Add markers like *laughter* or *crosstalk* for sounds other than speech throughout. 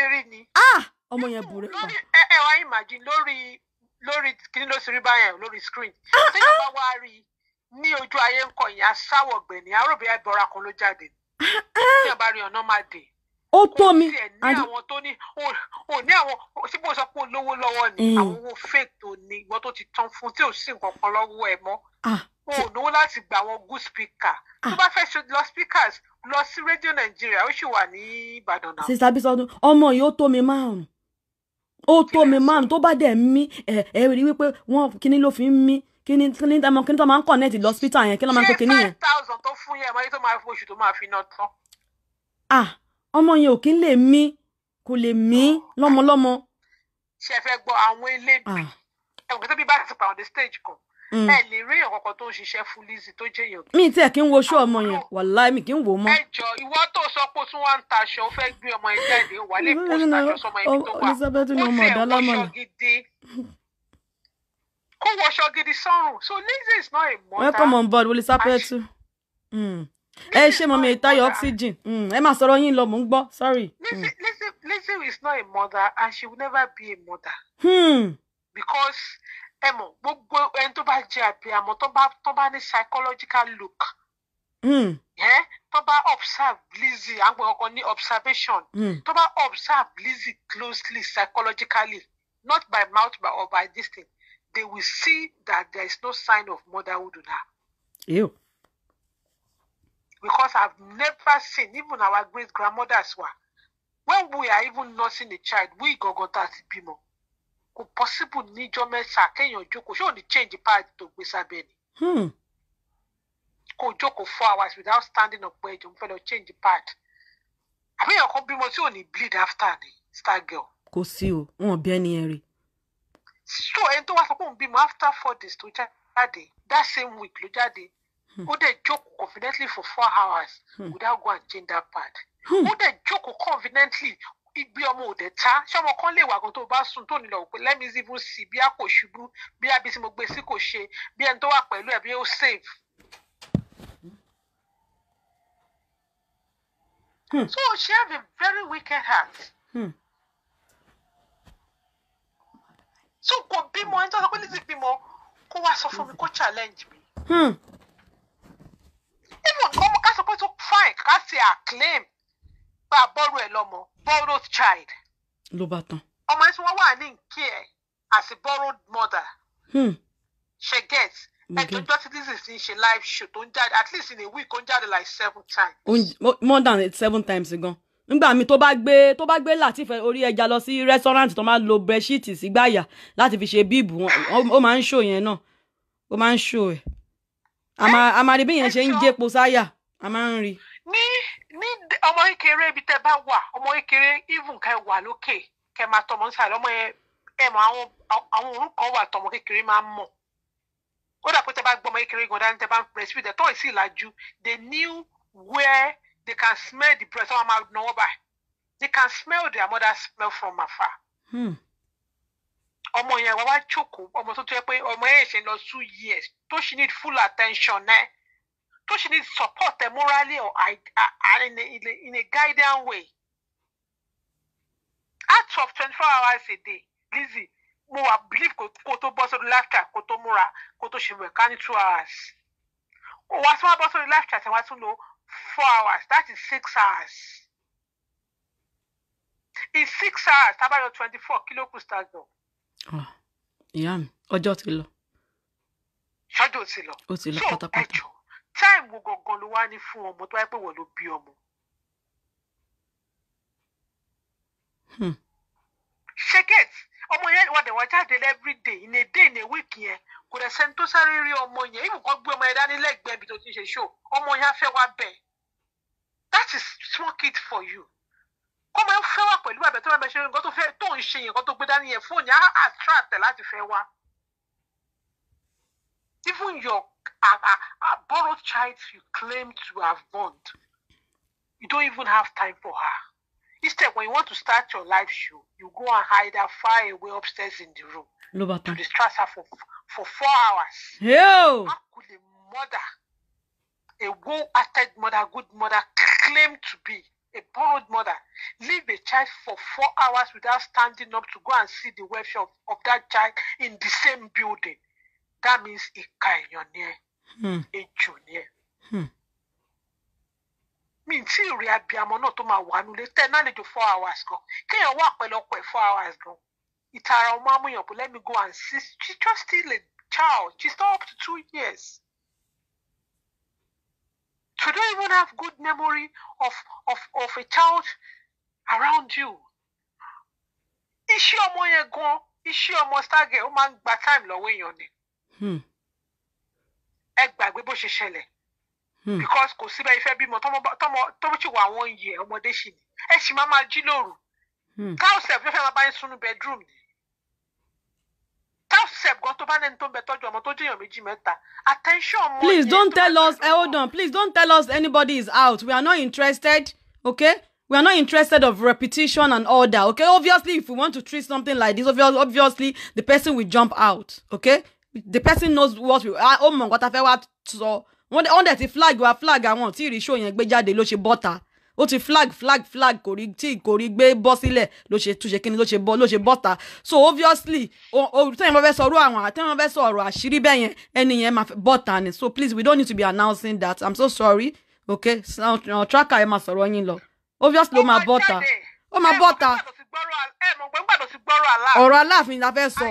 ṣe rí ni. Ah! ọmọ yẹn burú pa. ẹ ẹ wá imagine lórí lórí kí ló sì rí báyẹn lórí screen ah, ah! tí yóò bá wá rí ní ojú ayé ńkọ ìyá sáwọ gbẹni arúgbó ẹbọra kan ló jáde tí yóò bá rí ọ̀nà máa dé. ó tó mi àdé. ní àwọn tó ní ò ní àwọn tí mo sọ pé olówó lọ́wọ́ ni eh. àwọn owó fake tó ní ìwọ tó ti tán fún tí ò sí nǹkan kan lọ́wọ́ ẹ mọ́ o ò náwó láti gba àwọn good speaker tó ah. bá fẹ́ lọ speakers lọ sí rédíò nàìjíríà ó sì wà ní ìbàdàn náà. sísá Bísọ́dún ọmọ yìí ó tó mi márùn ó tó mi márùn tó bá dẹ̀ mí ẹ ẹ rí wípé wọn kíní ló fi ń mí kíní kíní dámọ kíní tó máa ń connect lọ́spítà yẹn kí ló máa ń pè kíní yẹn. ṣé five thousand tó fún yẹn ah ọmọ yẹn ò kí ń lè mí kò lè mí lọ́mọlọ́mọ. ṣe fẹ́ gbọ́ àwọn eléèbì ah. ẹ̀wọ̀n kí tóbi bá ti pàwọn the stage kan Mm. ẹ lè rí èèyàn kankan tó ń ṣiṣẹ́ fún Lizzy tó jẹ́ èèyàn. mi tiẹ̀ kí n wo ṣó ọmọ yẹn wàláì mi kí n wò ó mọ́. ẹ ìwọ tó sọ pé tí wọn ń taṣọ fẹ́ gbé ọmọ yẹn jáde wà lè post aṣọ sọmọ ibi tó wà ó tiẹ̀ wọṣọ gidi kó wọṣọ gidi sọrùn so Lizzy is not a mother. welcome on board Elizabeth. Mm. ẹ ṣe mọ̀ mi ìtayọ̀ oxygen mm. ẹ máa sọ̀rọ̀ yín lọ mò ń gbọ́ sorry. Lizzy is not a mother and she will never be a mother. Hmm. because ẹ mọ̀ gbogbo ẹni tó bá jẹ àbíamọ tó bá tó bá ní psychological look yẹn hmm. tó bá observe Lizzie àwọn ọkọ ní observation hmm. tó bá observe Lizzie closely psychologically not by mouth by, or by this thing they will see that there is no sign of motherhood in her. Ew. Because I've never seen even our great grandmothers were when we are even nursing a child we go go that bímọ kò possible níjọ́ mẹ́ta kéèyàn jókòó ṣé ò ní change pad tó gbé sábẹ́ ni. Hmm. kò jókòó four hours without standing up ẹjọ mo fẹ́ lọ change pad àbẹ̀yàn kan bímọ tí ò ní bleed after ni star girl. kò sí o wọn bí ẹni ẹ rí. so ẹni tó wá sọ pé òun bímọ after four days tó jáde that same week ló jáde hmm. ó dẹ̀ jókòó confidently for four hours hmm. without go and change that pad. ó dẹ̀ jókòó confidently igbe ọmọ òde ta ṣọmọ kan lè wà gan tó bá sùn tó nílò òpin lẹ́mi zivu sí bí a kò ṣubú bí a bí tí mo gbé sí kò ṣe bí ẹni tó wà pẹ̀lú ẹ̀ bí ó save. Hmm. So she have a very wicked heart. Hmm. So kò bímọ ẹni tó sọ pé ní ti bímọ kó wá sọ fún mi kó challenge mi. Hmm. Even ọmọ ká sọ pé tó fine ká ṣe acclaim bá a ẹ̀ lọ́mọ borrowed child. ló bá tán. ọmọ yẹn tí wọ́n wà ní nkí ẹ̀ as a borrowed mother. Hmm. she get ẹjọjọ tí Lizzy ti ń ṣe live show tó ń jáde at least in a week ó ń jáde like seven times. more than seven times gan nígbà míì tó bá gbé tó bá gbé látìfẹ́ orí ẹja lọ sí rẹ́sọ́rántì tó máa ń lo bẹ́ṣíìtì sígbàyà láti fi ṣe bíìbù wọn ó máa ń ṣò yẹn náà ó máa ń ṣò ẹ̀ àmàrí bí yẹn ṣe ń jẹ́ po a máa ń rí i ọmọ kékeré ibi tẹ́ bá wà ọmọ kékeré even kẹ́ wà lókè kẹ́ máa tọmọ nísàlẹ̀ ọmọ yẹn ẹ mọ àwọn àwọn wà tọmọ kékeré máa ń mọ̀ ó dà pé bá gbọmọ kékeré gan dání tẹ́ bá ń breastfeed ẹ tọ́ ìsì ìlàjú they knew where they can smell the breast ọmọ máa náwó báyìí they can smell their mother smell from afar. Hmm ọmọ yẹn wá wá jókòó ọmọ tó tó yẹ pé ọmọ yẹn ṣe lọ two years tó ṣì need full attention ẹ tó she needs support ẹ eh, morally or in a, in a, in a guiding way out of twenty four hours a day Lizzie more believe koto tó bọ́ sórí laughter koto tó koto kó tó ṣe two hours wàá what's wá bọ́ sórí laughter tí wàá tún lò four hours that is six hours in six hours tábàyọ twenty four kilo kù stagnant. Ah, ìyá mi ọjọ́ ti lọ. ṣọ́jọ́ ti lọ. ó ti time wo gangan ló wá ní fún ọmọ tó wáyé pé wọ́n ló bí ọmọ. Hmm. ṣeket ọmọ yẹn wà dẹ̀ wá jáde every day in a day in a week yẹn kò dẹ̀ sẹ́ni tó sáré rí ọmọ yẹn ìwọ̀n kan gbé ọmọ yẹn dání lẹ́gbẹ̀ẹ́ ibi tó ti ń ṣe ṣó ọmọ yẹn á fẹ́ wá bẹ̀ that is small kid for you kó máa ń fẹ́ wà pẹ̀lú àbẹ̀ tó máa bẹ̀ ṣe nǹkan tó fẹ́ tó ń ṣe nǹkan tó gbé dání yẹn fóònù á attract láti fẹ́ wá even your child you claim to have born, you don't even have time for her. Instead, when you want to start your life show, you go and hide her far away upstairs in the room. Lobata. To distress her for, for four hours. Yo! How could a mother, a well-hearted mother, good mother, claim to be a borrowed mother, leave a child for four hours without standing up to go and see the welfare of, of that child in the same building? That means a in your near. Hmm. ejò ni ẹ hmm. mi n tí ìrìn abiyamọ náà tó máa wà nulẹ tẹ náà lè jò four hours gan kéèyàn wà pẹ̀lú ọkọ ẹ̀ four hours gan ìtara ọmọ amúyàn kò let me go and see she just still a child she still up to two years she don't even have good memory of of of a child around you iṣẹ́ ọmọ yẹn gan iṣẹ́ ọmọ stargate ó máa ń gba time lọ́wọ́ èèyàn ni. Hmm ẹ gbàgbé bó ṣe ṣẹlẹ̀ hmm. because kò síbẹ̀ ìfẹ́ bímọ tọmọ tí wà wọ́n yẹ ọmọdé sì ni ẹ sì máa máa jí lóru hmm. cowsef ló fẹ́ máa bá yín sunu bedroom ni cowsef gan tó bá nẹni tó ń bẹ tọ́jú ọmọ tó jẹ́yàn méjì mẹ́ta attention ọmọ yẹn. please don't tell us eh, hold on please don't tell us anybody is out we are not interested okay we are not interested of repetition and order. okay obviously if we want to treat something like this obviously the person will jump out okay the person knows what we ah ó mọ̀ nǹkan ta fẹ́ wá sọ wọ́n dẹ̀ wọ́n dẹ̀ ti flag wa flag àwọn tí ìrìṣò yẹn gbé jáde ló ṣe bọ́ta ó ti flag flag flag kò rí tí kò rí gbé bọ́ sílẹ̀ ló ṣe túnṣe kí ni ló ṣe bọ́ ló ṣe bọ́ta so obviously tẹ́yìn bá fẹ́ sọ ọ̀rọ̀ àwọn àtẹ́yìn bá fẹ́ sọ ọ̀rọ̀ àṣírí bẹ́ẹ̀ yẹn ẹni yẹn máa bọ́ta ni so please we don't need to be announcing that i'm so sorry okay so, uh, tracker ẹ máa sọ̀rọ̀ yín lọ obviously ó máa bọ́ta ó máa bọ́ta gbọ́rọ̀ ẹ̀ mọ̀ gbọ́ngbà tó ti gbọ́rọ̀ aláàfin. ọ̀rọ̀ aláàfin la fẹ́ sọ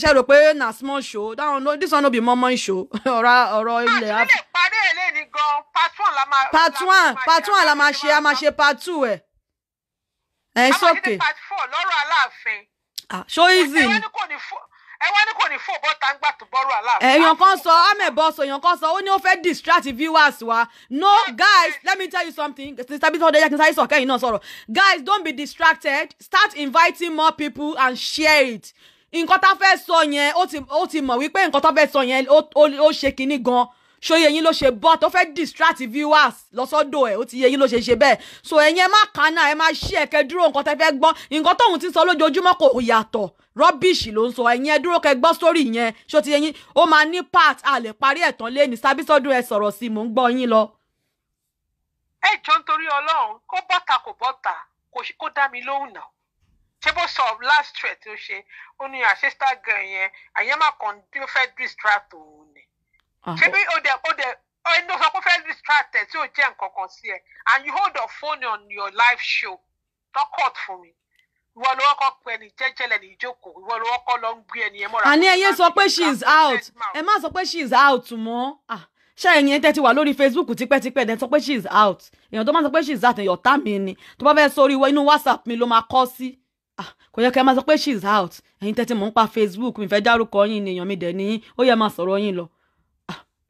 ṣe rò pé na small show dáhùn no this one no be mọ́mọ́ show *laughs* ọ̀rọ̀ ọ̀rọ̀ ah, ilẹ̀ afi. àti ilé parí èlé ni gan part one la máa. part one part one la máa ṣe a máa ṣe part two ẹ̀. ẹ̀ sókè. a máa ṣe part four lọ́rọ̀ aláàfin. ah show easy. òṣèré ni kò ní fún ẹ wá ní kò ní fò bọ́ta ń gbà tó bọ́rọ̀ aláàfin. èèyàn kan sọ amẹ̀bọ sọ èèyàn kan sọ ó ní ó fẹ́ distract viewers wa no guys let me tell you something sister bitọ ọdẹjà kí n sáré sọ kẹ́yìn náà sọ̀rọ̀ guys don't be distracted start inviting more people and share it nǹkan tá fẹ́ sọ yẹn ó ti mọ̀ wípé nǹkan tá fẹ́ sọ yẹn ó ṣe kinní gan-an ṣòye yín ló ṣe bọ́ tó fẹ́ distract viewers lọ́sọ́dọ̀ ẹ̀ ó ti yẹ ló ṣe ṣe bẹ́ẹ̀ so ẹ̀yin ẹ má kánà ẹ má ṣí ẹ̀kẹ́ dúró nǹkan tẹ́ fẹ́ gbọ́ nǹkan tóun ti sọ lójoojúmọ́ kò yàtọ̀ rubbish ló ń sọ ẹ̀yin ẹ dúró kẹ́ gbọ́ sórí yẹn ṣó ti yẹ ó máa ní part a lè parí ẹ̀tàn lé ní sábísọ́dún ẹ sọ̀rọ̀ sí mò ń gbọ́ yín lọ. ẹ jọ ń ṣé bó sọ last threat tó ṣe ó ní àṣẹ star girl yẹn àyẹ̀mọ̀ kan tó fẹ́ distract òun ṣebí ah. o dẹ o dẹ ẹni sọ pé fẹ́ distract ẹ tí o jẹ́ nkankan sí ẹ and you hold the phone on your live show don cut fún mi ìwọ ló wọkọ pẹ ní jẹjẹlẹ ní ìjókòó ìwọ ló wọkọ lọ ń gbé ẹni ẹ mọ́ra. àní ẹyẹ sọ pé she is out ẹ má sọ pé she is out mọ́ ah, ṣé ẹ̀yin tẹ́ ti wà lórí facebook tipẹ́tipẹ́ ẹ̀ sọ pé she is out èèyàn tó máa sọ pé she is out ẹ̀yọ̀ tá mi ni tó bá fẹ́ sórí inú whatsapp mi ló máa kọ́ sí ah, kò yẹ kẹ́ ẹ máa sọ pé she is out ẹ̀yin tẹ́ ti mọ̀ ń pa facebook mi fẹ́ dárúkọ yín ni èèyàn mi dẹ̀ ní ó yẹ máa sọ̀rọ̀ yín lọ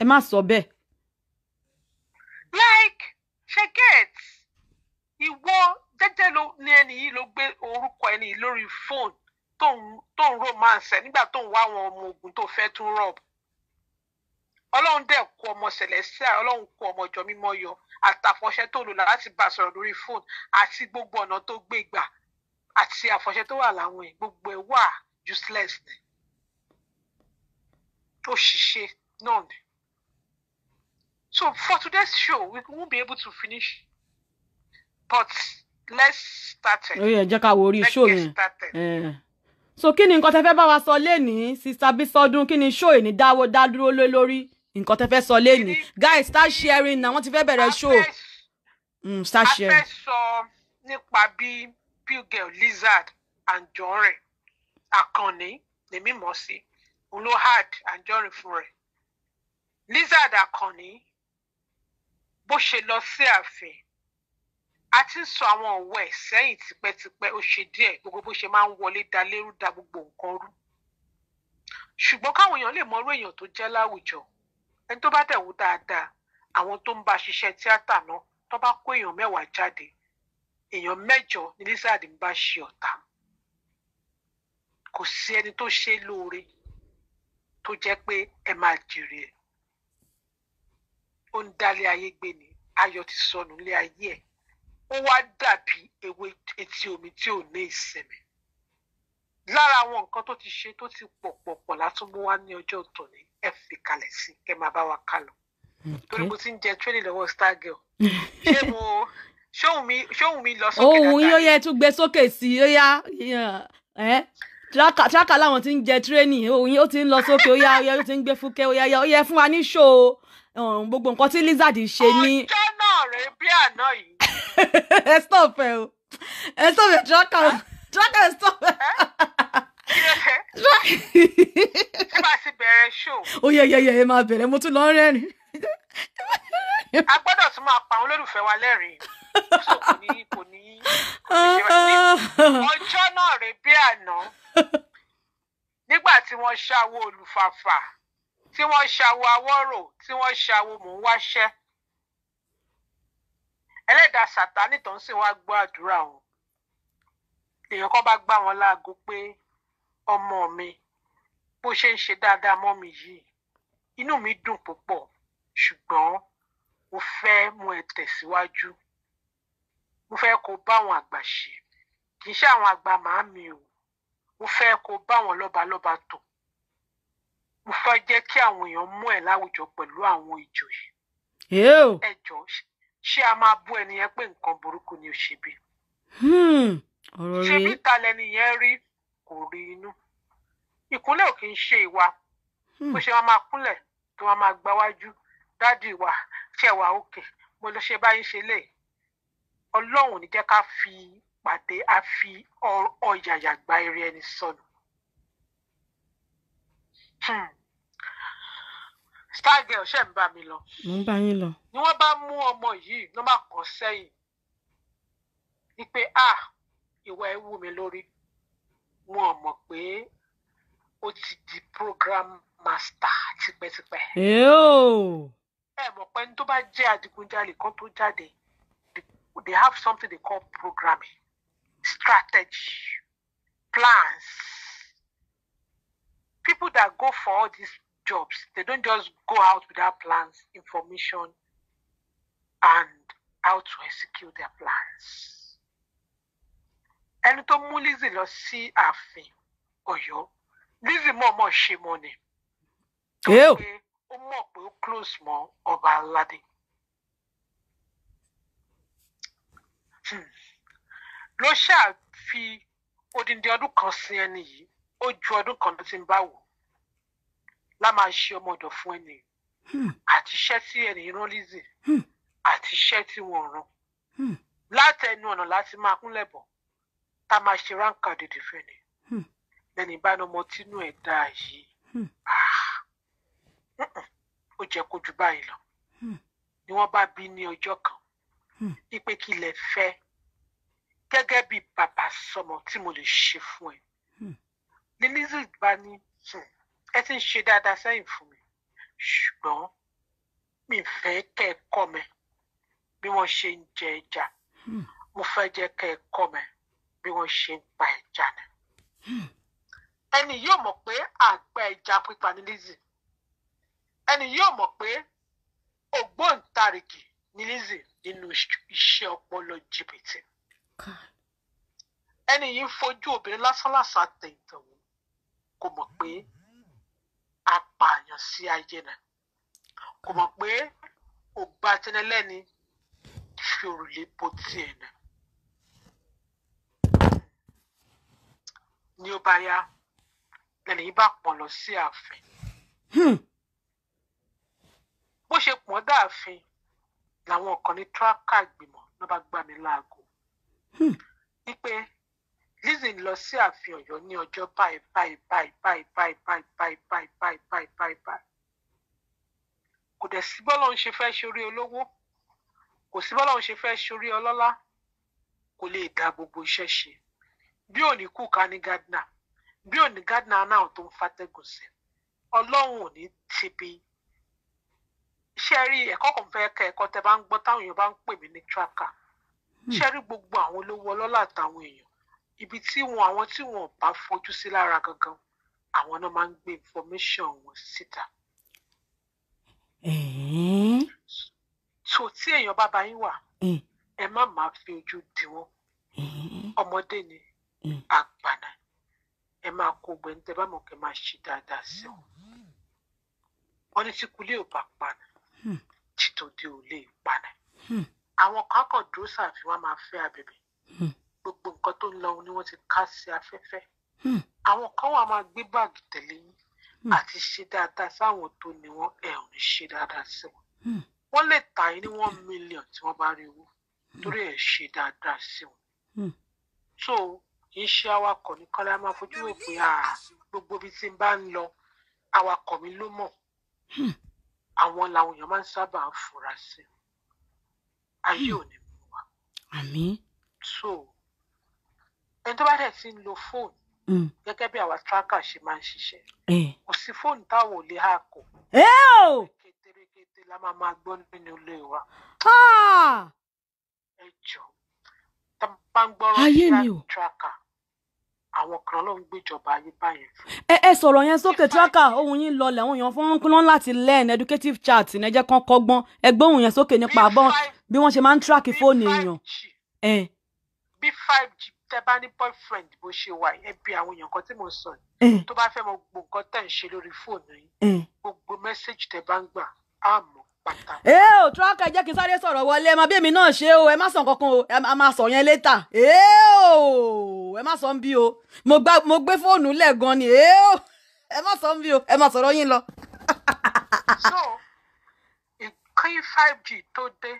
ẹ má sọ bẹ́ẹ̀. like ṣeget ìwọ jẹ́jẹ́ ni ẹni yìí ló gbé orúkọ ẹni yìí lórí fóònù tó ń romance ẹ nígbà tó ń wá àwọn ọmọ ogun tó fẹ́ tún rọ̀ ọlọ́run dẹ̀ kó ọmọ celestial ọlọ́run kó ọmọ ọjọ́ mímọ́ yọ àtàfọ̀ṣẹ tó lò láti bá a sọ̀rọ̀ lórí fóònù àti gbogbo ọ̀nà tó gbé gbà àti àfọ̀ṣẹ tó wà láwọn ẹ̀ gbogbo ẹ̀ wà useless ni òṣìṣẹ́ náà ni. So for today's show, we won't be able to finish, but let's start it. Oye, oh, jẹ́ ká wo orí show yẹn. Eh. So kí ni nǹkan tẹ́ fẹ́ bá wa sọ lénìí, Sista Bísọ́dún, kí ni show yìí ní dáwó dá dúró lé lórí? Nǹkan tẹ́ fẹ́ sọ lénìí. Guys, start sharing na wọ́n ti fẹ́ bẹ̀rẹ̀ show. Mm, start sharing. A fẹ́ sọ nípa bí Bigel Lizard Anjorin Akànnì lèmi mọ̀ sí, òun ló hard Anjorin fún rẹ̀. Lizard Akànnì bó ṣe lọ sí ààfin a ti ń sọ àwọn ọ̀wọ́ ẹ̀ sẹ́yìn tipẹ́tipẹ́ ó ṣe díẹ̀ gbogbo bó ṣe máa ń wọlé da lérú da gbogbo nǹkan rú ṣùgbọ́n káwọn èèyàn lè mọrú èèyàn tó jẹ́ láwùjọ ẹni tó bá dẹ̀ dáadáa àwọn tó ń bá ṣiṣẹ́ tíátà náà tó bá kó èèyàn mẹ́wàá jáde èèyàn mẹ́jọ ní Lizard ń bá ṣe ọ̀tá kò sí ẹni tó ṣe lóore tó jẹ́ pé ẹ máa jèrè ẹ̀ ó ń dálé ayé gbé ni ayọ̀ ti sọnù lé ayé ẹ̀ ó wá dàbí ewé etí omi tí ò ní ìsinmi lára àwọn nǹkan tó ti ṣe tó ti pọ̀ pọ̀ pọ̀ látún mú wá ní ọjọ́ tòní ẹ fi kalẹ̀ sí kẹ máa bá wa ká lọ torí mo ti ń jẹ training lọ́wọ́ star girl *laughs* ṣé mo ṣóhùn mi lọ sókè dáadáa ohun yóò yẹ tún gbé sókè sí i yá tíráka tíráka láwọn ti ń jẹ tírénì ó ti ń lọ sókè ó yá ó ti ń gbé fúkẹ́ ó yá ó yẹ fún wa ní ṣó gbogbo nǹkan tí lizard ṣe ní. ọjọ́ náà rèé bí àná yìí. *laughs* ẹ stop ẹ o ẹ stop ẹ tíráka o ẹ stop ẹ. ṣé bá ti bẹ̀rẹ̀ ṣó. ó yẹ yẹ yẹ ẹ máa bẹ̀rẹ̀ mo tún lọ rẹ́rìn. a gbọ́dọ̀ tún máa pa àwọn olólùfẹ́ wa lẹ́rìn kò ní kò ní *laughs* ọjọ́ náà rèé bí àná nígbà tí wọ́n ṣàwo olùfàfà tí wọ́n ṣàwo awọ́rò tí wọ́n ṣàwo mò ń wáṣẹ́ ẹlẹ́dàá sàtánì tó ń sìn wá gbọ́ àdúrà o èèyàn kan bá gbá wọn láago pé ọmọ mi bó ṣe ń ṣe dáadáa mọ́ mi yìí inú mi dùn púpọ̀ ṣùgbọ́n mo fẹ́ mú ẹ tẹ̀síwájú mo fẹ́ kó bá àwọn àgbà ṣe kì í ṣe àwọn àgbà màámi o mo fẹ́ kó bá àwọn lọ́balọ́ba tò mo fẹ́ jẹ́ kí àwọn èèyàn mú ẹ̀ láwùjọ pẹ̀lú àwọn ìjòyè. ẹ jọ ṣé a máa bú ẹni yẹn pé nǹkan burúkú ni òṣèbí. Hmm, ṣé bí talẹ̀ nìyẹn rí kò rí inú ìkúnlẹ̀ ò kì í ṣe ìwà hmm. bó ṣe máa máa kúnlẹ̀ tó máa máa gbáwájú dádì wa ṣẹ̀wà òkè mo lọ ṣe báyìí ṣe lè ọlọ́run ní jẹ́ ká fi pàdé á fi ọ̀yàyà gba eré ẹni sọnù. Hmm. stargirl ṣe ń bá mi lọ. mo ń bá yín lọ. ni wọ́n bá mú ọmọ yìí ló máa kàn sẹ́yìn ni pé a ah, ìwà ẹ̀ wú mi lórí wọn ò mọ̀ pé ó ti di program master tipẹ́tipẹ́. ẹ mọ̀ pé ní tó bá jẹ́ adigunjalè kan tó jáde they have something they call programming strategy, plans. People that go for all these jobs, they don't just go out without plans, information, and how to execute their plans. Ẹni tó mú Lizzy lọ sí ààfin Ọ̀yọ́, Lizzy mọ̀ọ́mọ̀ ṣe mọ́ ni. Tó pé ó mọ̀ pé ó close mọ́ ọba aládé. Hmm ló fi odindi ọdún kan sin ẹni yìí ó ju ọdún kan tó ti ń bá wò lá máa ṣe ọmọ ọ̀dọ̀ fún ẹni hmm. àti iṣẹ́ tí ẹni rán Lizzy hmm. àti iṣẹ́ tí wọ́n rán hmm. látẹnu ọ̀nà láti máa kúnlẹ̀ bọ̀ tá a máa ṣe ránkà dèdè fẹ́ ni lẹ́ni bá ní ọmọ tínú ẹ̀ dá yìí ah. ó jẹ́ kó báyìí lọ ni wọ́n bá bí ní ọjọ́ kan ipe kí lè fẹ́ gẹ́gẹ́ bí bàbá sọmọ tí mo lè ṣe fún ẹ hmm. ní lizzy bá ní hmm, ẹ ti ń ṣe dáadáa sẹ́yìn fún mi ṣùgbọ́n mi fẹ́ kẹ́ ẹ kọ́ mi bí wọ́n ṣe ń jẹ ẹja hmm. mo fẹ́ jẹ́ kẹ́ ẹ kọ́ mi bí wọ́n ṣe ń pa ẹja ni ẹni yóò mọ̀ pé àgbà ẹja pípa ní ẹni yóò mọ̀ pé ògbóǹtarìgì ní nínú iṣẹ́ ọpọlọ jìbìtì ẹni yìí ń fojú obìnrin lásánlàsán tẹ ìtẹ̀wò kò mọ̀ pé apààyàn sí ayé rẹ̀ kò mọ̀ pé ògbà tẹnẹlẹ́ni fi òrùlé bo tiẹ̀ nà. ní ó bá yá lẹ́nu yìí bá pọ̀n lọ sí ààfin. Hmm. bó ṣe pọ̀n dáàfin làwọn kan ní tíráàkà gbìmọ̀ ló bá gbà mí láago wípé Lizzy lọ sí ààfin Ọ̀yọ́ ní ọjọ́ báyìí báyìí báyìí báyìí báyìí báyìí báyìí báyìí báyìí báyìí báyìí báyìí kò dẹ̀ sí bọ́lá òun ṣe fẹ́ ṣorí olówó kò sí bọ́lá òun ṣe fẹ́ ṣorí ọlọ́lá kò lè dá gbogbo iṣẹ́ ṣe bí òní kú ká ní gardner bí òní gardner náà tó ń fatẹ́gùn sí ọlọ́run ò ní ti bí iṣẹ́ rí ẹ̀kọ́ kan fẹ́ kẹ́ ẹ̀kọ́ tẹ bá ń gbọ́ táwọn èèyàn bá ń pè mí ní tracker ṣe rí gbogbo àwọn olówó ọlọ́lá àtàwọn èèyàn ibi tí wọn àwọn tí wọn bá fojú sí lára gangan àwọn náà máa ń gbé information wọn síta. so tí èèyàn bá bá yín wà ẹ má máa fi ojú di wọn ọmọdé ni àgbà náà ẹ máa kó gbẹ̀ǹtẹ̀ bá mọ̀ kẹ́ máa ṣe dáadáa sí wọn wọn ní tí kulé ò bá pa ni hmm. títòdé ò lè pa ni. Hmm àwọn kan kàn dúró sàfihàn wa máa fẹ́ abẹ̀bẹ̀ hmm. gbogbo nǹkan tó ń lọ ni wọ́n ti ká sí afẹ́fẹ́ hmm. àwọn kan wà máa gbé báàgì tẹ̀lé yín hmm. àti ṣe dáadáa sáwọn tó ní wọn ẹ̀ ò ní ṣe dáadáa sí wọn wọ́n lè tà yín ní one million tí wọ́n bá rí owó torí ẹ̀ ṣe dáadáa sí wọn so iṣẹ́ awakọ̀ nìkan la máa fojú wò pé ah, gbogbo ibi tí n bá ń lọ awakọ̀ mi ló mọ̀ àwọn làwọn èèyàn máa ń sábà fura sí i ayé hmm. ò ní bú wa. àmín. so ẹni tó bá dẹ̀ ti ń lo fóònù hmm. gẹ́gẹ́ bí àwa tracker ṣe máa ń ṣiṣẹ́ eh. kò sí fóònù táwọn ò lè há kọ. kétékété la máa máa gbọ́ nínú ilé wa. ẹ jọ tá a bá ń gbọ́rọ̀ sí tracker àwọn kan ló ń gbéjọba ayé báyìí. ẹ ẹ sọ̀rọ̀ yẹn sókè tracker ohun yín lọlẹ̀ ohun yẹn fún wọn láti learn educative chat ẹ jẹ́ kán kọ́gbọ́n ẹ gbóhùn yẹn sókè nípa àbọ̀n bí wọ́n ṣe máa ń tíráàkì fóònù èèyàn. Eh. bí five g tẹ bá ní boyfriend bó ṣe wà ẹ bí àwọn èèyàn kan tí mo sọ yìí eh. tó bá fẹ́ mọ gbogbo nǹkan tẹ̀ ń ṣe lórí fóònù yìí eh. gbogbo mẹ́sẹ̀gì tẹ bá ń gbà á mọ̀ pátá. ẹ ò tíráàkì ẹ jẹ́ kí n sáré sọ̀rọ̀ wọlé ẹ máa bí èmi náà ṣe o ẹ má sàn kankan o ẹ máa sọ yẹn létà ẹ ò ẹ má sọ ń bí o mo gbé fóònù lẹ̀ gan ni ẹ ò ẹ má sọ ń bí o ẹ má sọ̀rọ̀ yín lọ. so kí five g tó dé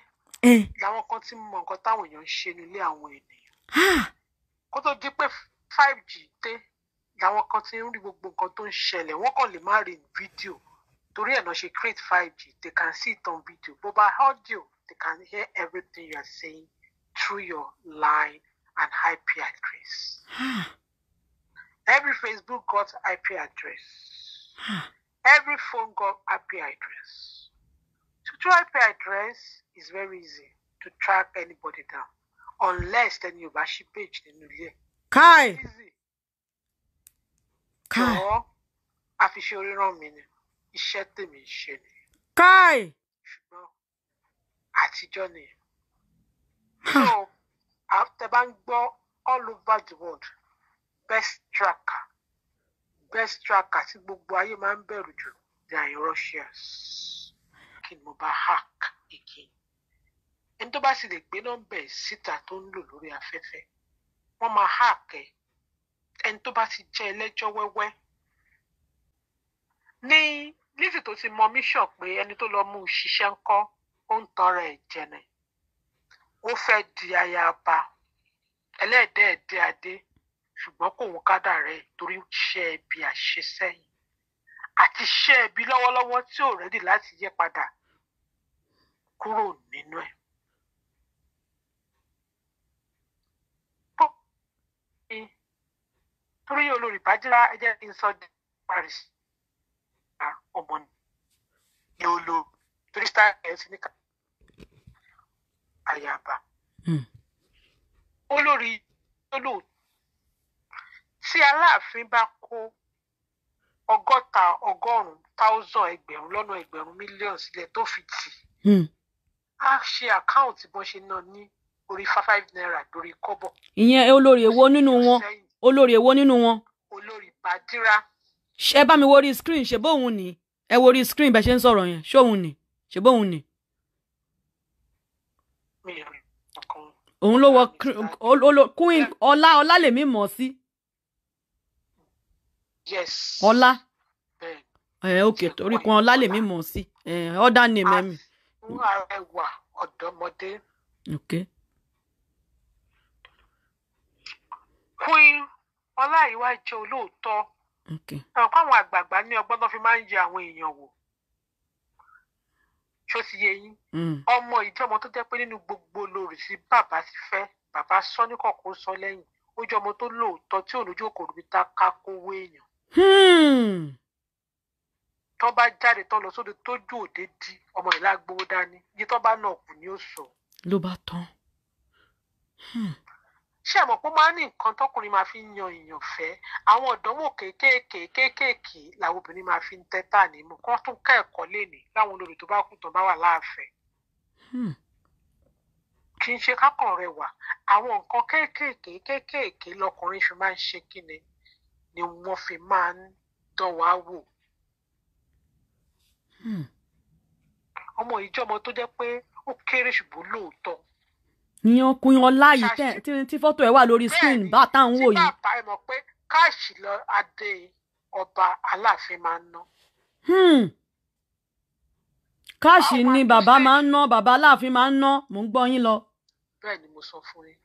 Eh. làwọn kan ti mọ nǹkan táwọn èèyàn ń ṣe nílé àwọn ènìyàn kó tó di pé five g dé làwọn kan ti ń rí gbogbo nǹkan tó ń ṣẹlẹ̀ wọ́n kàn lè má rí fídíò torí ẹ̀ náà ṣe create five g they can see it on video But by audio they can hear everything you are saying through your line and IP address. Every Facebook got IP address. Every phone got IP address. To so through IP address, it's very easy to track anybody down unless tẹni ò bá ṣí page nínú ilé ẹ. Kai. Kai. jọ̀ọ́ àfiṣe oríran mi ni iṣẹ́ tèmi ń ṣe ni. káì. ṣùgbọ́n àtijọ́ ni. so tẹ bá ń gbọ́ all over the world best tracker best tracker tí gbogbo ayé máa ń bẹ̀rù jù they are Russians kí ni mo bá hack ẹni tó bá sì lè gbé nọ́mbà ẹ̀ síta tó ń lò lórí afẹ́fẹ́ wọ́n máa háàkẹ́ ẹni tó bá ti jẹ́ ẹlẹ́jọ́ wẹ́wẹ́ ní lizzy tó ti mọ mission pé ẹni tó lọ mú un ṣiṣẹ́ ń kọ́ ó ń tanra ẹ̀ jẹ̀nẹ̀ ó fẹ́ di ayaba ẹlẹ́ẹ̀dẹ́ẹ̀dẹ́ adé ṣùgbọ́n kò wọ́n kádà rẹ̀ torí ṣẹ́ ẹbí àṣesẹ́yìn àti ṣẹ́ ẹbí lọ́wọ́lọ́wọ́ tí ò rẹ́dì láti yẹ padà kúrò nínú ẹ̀. torí olórí bájá ẹ jẹ́ kí n sọ dé paris ọmọ ni olo torí star ẹ̀ sí ní ká àyàbá hmm. olórí olóòtú tí aláàfin bá kó ọgọ́ta ọgọ́rùn-ún thousand ẹgbẹ̀rún lọ́nà ẹgbẹ̀rún mílíọ̀n sílẹ̀ tó fi tì á hmm. ṣe àkáùntì bọ́n ṣe náà ní orí five naira lórí kọ́bọ̀. ìyẹn olórí èwo nínú wọn olórí èwo nínú wọn. olórí Bàdírà. ṣé bá mi wo orí screen ṣe bóun ni ẹ wo orí screen bẹ ṣe ń sọ̀rọ̀ yẹn ṣóun ni ṣe bóun ni. òun ló wọ queen ọlá ọlá lèmi mọ̀ sí. ọlá ẹ ok torí kan ọlá lèmi mọ̀ sí ọ̀dà nìmẹ́mi. Ah, àrùn àrẹwà ọ̀dọ́mọdé. okay. queen ọláyíwá jẹ́ olóòótọ́ àwọn káwọn àgbààgbà ní ọgbọ́n tó fi máa ń yẹ àwọn èèyàn wò ṣó ti yẹ yín mm. ọmọ ìjọ ọmọ tó jẹ́ pé nínú gbogbo lórí sí bàbá ti fẹ́ bàbá sọ ní kọkọ sọ lẹ́yìn ó jẹ́ ọmọ tó lóòótọ́ tí ò lójú òkòrò mi ta ká èèyàn hmm. tó bá jáde tó lọ sóde tójú òde di ọmọ ìlà gbowó dání iye tó bá nà kù ni ó sọ. ló bá tán. Hmm ṣẹ̀mọ̀ pé ó máa ń ní nǹkan tọkùnrin máa fi ń yan èèyàn fẹ́ àwọn ọ̀dánwò kéékèèké kéékèèké làwọn obìnrin máa fi ń tẹ́tà nímú kán tún kẹ́ẹ̀kọ́ lénìí láwọn olórí tó bá kù tán bá wà láàfẹ́. Hmm. kì í ṣe kákan rẹ wà àwọn nǹkan kéékèèké kéékèèké lọkùnrin fi máa ń ṣe kíni ni wọ́n fi máa ń dán wa wò. Hmm. ọmọ ìjọ ọmọ tó jẹ́ pé ó kéré ṣùgbọ́n lóòótọ́ yan kun yan láàyè tẹ tí fọ́tò ẹ̀ wà lórí screen bá tá à ń wò yìí. tí bàbá ẹ mọ̀ pé káàṣì lọ adé ọba aláàfin máa ń ná. Hmm. káàṣì ni bàbá máa ń ná bàbá aláàfin máa ń ná mò ń gbọ́ yín lọ. bẹ́ẹ̀ ni mo sọ fún yín.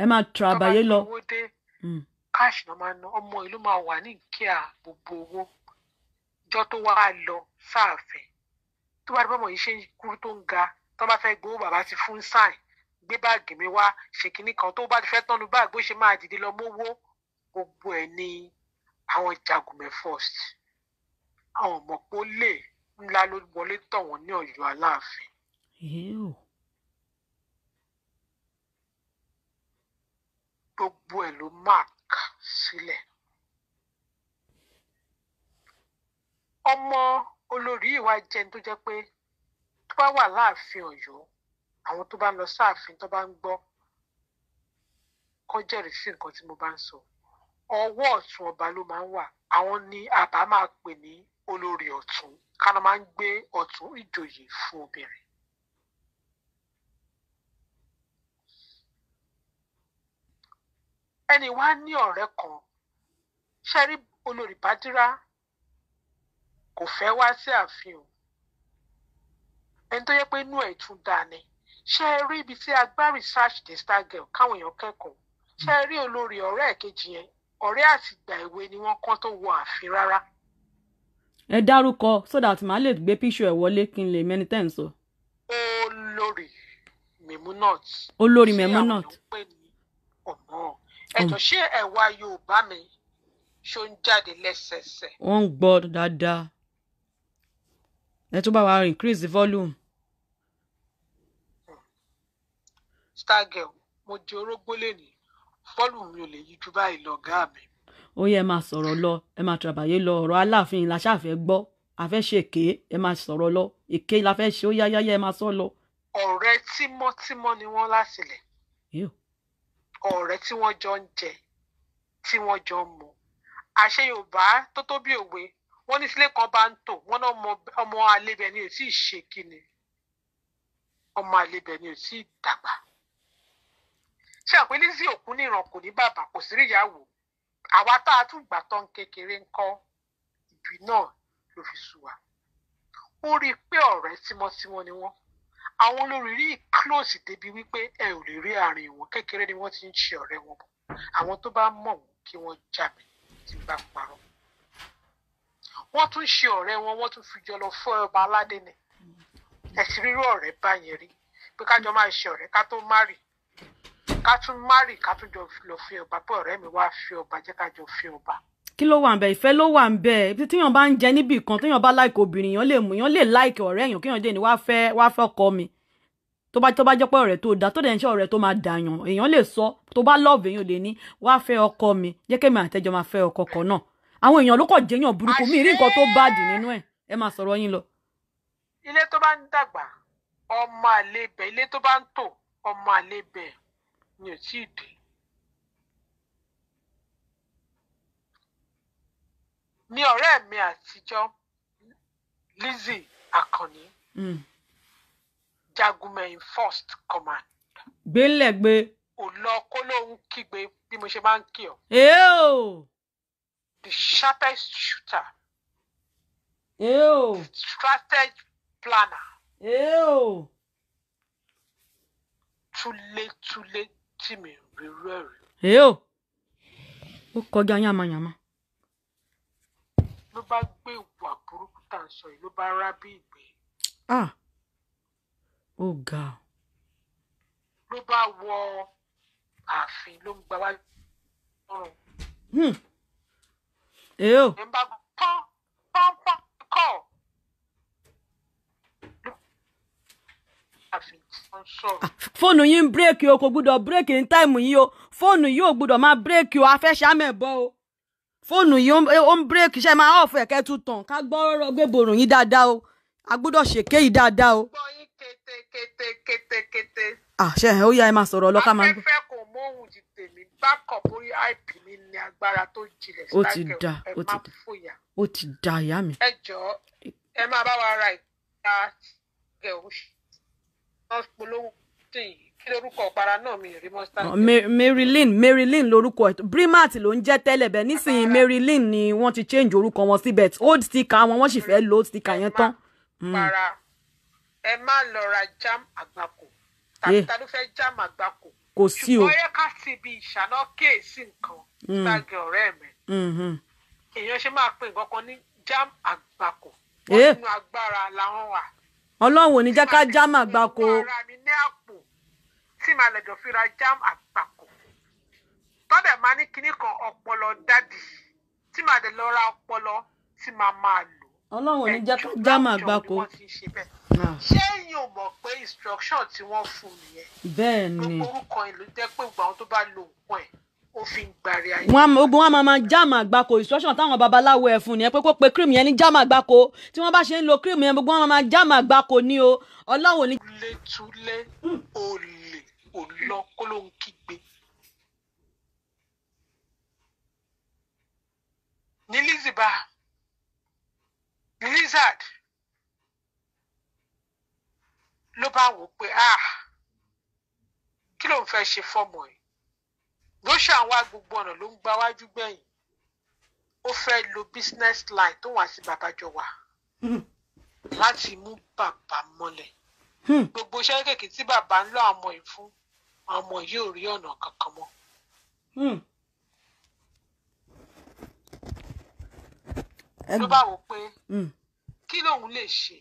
ẹ máa tra àbàyè lọ. tọ́ba ti owó dé hmm. káàṣì náà máa ń ná ọmọ ìlú máa wà ní kíá gbogbo owó ìjọ tó wá lọ sáàfin tó bá dé bọ́mọ̀ yìí ṣe ń tó ń ga tó fẹ́ gbowó bàbá ti fún sáìn gbé báàgì mi wá ṣe kinní kan tó bá fẹ́ tọ́nu báàgì bó ṣe máa dìde lọ mówó gbogbo ẹ̀ ní àwọn jagunmẹ̀ first àwọn ọmọ pé ó lè ńlá ló wọlé tọ̀ wọ́n ní ọ̀yọ́ aláàfin. gbogbo ẹ̀ ló mark sílẹ̀. ọmọ olórí ìwà jẹun tó jẹ́ pé tó bá wà láàfin ọ̀yọ́ àwọn tó bá ń lọ sáàfin tó bá ń gbọ́ kó jẹ́rìí sí nǹkan tí mo bá ń sọ ọwọ́ ọ̀tún ọba ló máa ń wà àwọn ni àbá máa pè ní olórí ọ̀tún kánà máa ń gbé ọ̀tún ìjòyè fún obìnrin. ẹnì wá ní ọ̀rẹ́ kan ṣẹ́rí olórí bàdíra kò fẹ́ wá sí ààfin ẹni tó yẹ pé inú ẹ̀ tún dáa ni ṣé ẹ rí ibi tí a gbá the star girl káwọn èèyàn kẹ́kọ̀ọ́ ṣé ẹ rí olórí ọ̀rẹ́ ẹ̀kejì yẹn ọ̀rẹ́ àtìgbà èwe ni wọ́n kàn tó wọ ààfin rárá. ẹ dárúkọ so that màá lè gbé píṣọ ẹ wọlé kí n lè mẹni tẹ́ ń sọ. olórí Memunat. olórí Memunat. ẹ̀tọ́ ṣé ẹ̀wà Yorùbá mi ṣó ń jáde lẹ́sẹẹsẹ. wọ́n ń gbọ́ dáadáa ẹ tún bá wa increase the volume. star girl mo di orógbó lẹ́ni fọ́ọ̀lù mi ò lè yí ju báyìí lọ ọ̀gá mi. ó yẹ ẹ máa sọ̀rọ̀ lọ ẹ máa tàbàyè lọ ọ̀rọ̀ aláàfin la ṣáàfẹ́ gbọ́ àfẹ́ ṣe èké ẹ máa sọ̀rọ̀ lọ èké la fẹ́ ṣe ó yáyáyá ẹ máa sọ lọ. ọ̀rẹ́ tímọ́tímọ́ ni wọ́n látilẹ̀ ọ̀rẹ́ tí wọ́n jọ ń jẹ tí wọ́n jọ ń mu àṣẹ Yorùbá tó tó bí òwe wọ́n ní sílé kan bá ń tò wọ́n náà ọmọ àlebẹ̀ ni ò tí ì ṣe kíni ọmọ àlebẹ̀ ni ò tí ì dàgbà ṣé àpé sí òkú níran kò ní bàbá kò sí ríyàwó àwa tá a tún gbà tán kékeré ń kọ́ ìbí náà ló fi sùn wá ó rí i pé ọ̀rẹ́ tímọ́tímọ́ ni wọ́n àwọn olórí close débi wípé ẹ ò lè rí àárín wọn kékeré ni wọ́n ti ń ṣe ọ̀rẹ́ wọn bọ̀ àwọn tó bá mọ̀ wọn kí wọ́n já mi tí n bá parọ́ wọ́n tún ṣe ọ̀rẹ́ wọn wọ́n tún fi jọ lọ fọ́ ọba aládé ni ẹ̀sìn rírú ọ̀rẹ́ báyẹn rí pé kájọ máa ṣe ọ̀rẹ́ ká tó má rì ká tún márì ká tún jọ lọ fi ọba pé ọ̀rẹ́ mi wá fi ọba jẹ́ ká jọ fi ọba. kí ló wà ń bẹ ìfẹ́ ló wà ń bẹ ibi téèyàn bá ń jẹ níbì kan téèyàn bá láìkè obìnrin yẹn lè mú yẹn lè láìkè ọ̀rẹ́ yẹn kéèyàn dé ní wàá fẹ́ wàá fẹ́ ọkọ mi tó bá tó bá jẹ́ pé ọ̀rẹ́ tó da tó dẹ̀ ń ṣe ọ̀rẹ́ tó máa dàyàn èèyàn lè sọ tó bá lọ́ọ̀bù èèyàn lè ní wàá fẹ́ ọkọ mi jẹ́ kẹ́mi àtẹ́jọ máa fẹ́ ọkọ kan mi rí nǹkan tó báàdì nínú ẹ̀ ẹ máa sọ̀rọ̀ yín lọ. ilé tó bá ń dàgbà ọmọ àlebẹ ilé tó bá ń tò ọmọ àlebẹ mi ò tí ì dé. ní ọ̀rẹ́ mi àtijọ́ Lizzie Akànnì mm. jagunmẹ̀yìn first command. gbélẹ̀ gbé. ò lọ kó lóun kígbe bí mo ṣe máa ń kí ọ. the sharpest shooter. the strategic planner. Túlétúlé tí mi ò rí rú ẹ̀rí. èé o ó kọjá yàmàyàmà. ló bá gbé ìwà burúkú tá ń sọ yìí ló bá rá bí ìgbé. ah ó ga ọ. ló bá wọ ààfin ló ń gba wá lọ́rùn. Hmm. èé o. ẹ̀ ń bá pọ́n pọ́n pọ́n kọ́. ààfin Ah, fóònù yìí ń bírèkì o kò gbúdọ̀ bírèkì ní táìmù yìí o fóònù yìí ò gbúdọ̀ máa bírèkì o afẹ́sàmẹ̀ bọ́ o fóònù yìí ó ń bírèkì ṣe máa ọ̀fọ̀ ẹ̀kẹ́ tún tàn ká gbọ́ rọ́rọ́ gbébòrò yín dáadáa o a gbúdọ̀ ṣèké yìí dáadáa o. àṣẹ ah, ó yá ẹ máa sọ̀rọ̀ lọ́ka máa ń gbọ́. afẹ́fẹ́ kò móhùn ti tèmi bákọ̀ bóyá ip mi ní agbára tó jinlẹ̀ síláàkẹ́ ẹ má fòyà. ó ti da ìyá mi. ẹ jọ̀ọ́ ẹ máa bá wa ra ìta ẹ̀ òṣù wọ́n polówó tí kí lórúkọ ọ̀para náà mi marilyn marilyn lórúkọ ẹ̀ ló ń jẹ́ tẹ́lẹ̀ bẹ́ẹ̀ nísìnyí marilyn ni wọ́n ti change orúkọ wọn síbẹ̀ old sticker wọn wọ́n sì fẹ́ lo old sticker yẹn tán. Hmm. para ẹ má lọ jam àgbàkò tàbí eh. ta ló jam àgbàkò kò sí o. ṣùgbọ́n yẹ ká ti ibi ìṣáná kéèsì nǹkan gbàgé hmm. ọ̀rẹ́ mi. Mm-hmm. èèyàn máa pè nǹkan kan ní jam àgbàkò wọ́n eh. nínú agbára làwọn wà ọlọ́run ò ní jẹ́ ká jam àgbákò. tí màá lẹ̀jọ̀ fira jam àgbákò tọ́dẹ̀ máa ní kinní kan ọpọlọ dádì tí màá dẹ̀ lọ ra ọpọlọ tí màá máa lò. ọlọ́run ò ní jẹ́ ká jam àgbákò. ṣé yín ò mọ̀ pé instruction tí wọ́n fún nìyẹn. bẹ́ẹ̀ ni gbogbo orúkọ ìlú jẹ́ pé ìgbà tó bá lo nǹkan ẹ̀ ó fi ń gbàrí ayé. wọn ogun wọn máa máa jáàmù àgbákò instruction táwọn babaláwo ẹ fún ni ẹ pé kó pe cream yẹn ní jáàmù àgbákò tí wọn bá ṣe ń lo cream yẹn gbogbo wọn máa máa jáàmù àgbákò ni o ọlọ́wọ́ ni. túlétúlé olè olókólóńkígbe. ní hmm. liziba lizard ló bá wò pé ah kí ló ń fẹ́ ṣe fọ́mọ yìí Russia ń wá gbogbo ọ̀nà ló ń gba wájú gbẹ̀yìn ó fẹ́ lo business line tó wà sí bàbá jọ wà láti mú bàbá mọ́lẹ̀ hmm. gbogbo iṣẹ́ kéèké tí bàbá ń lọ àmọ́ yìí fún àmọ́ yìí ò rí ọ̀nà kankan mọ́. Hmm. ló bá wò pé hmm. kí lòun lè ṣe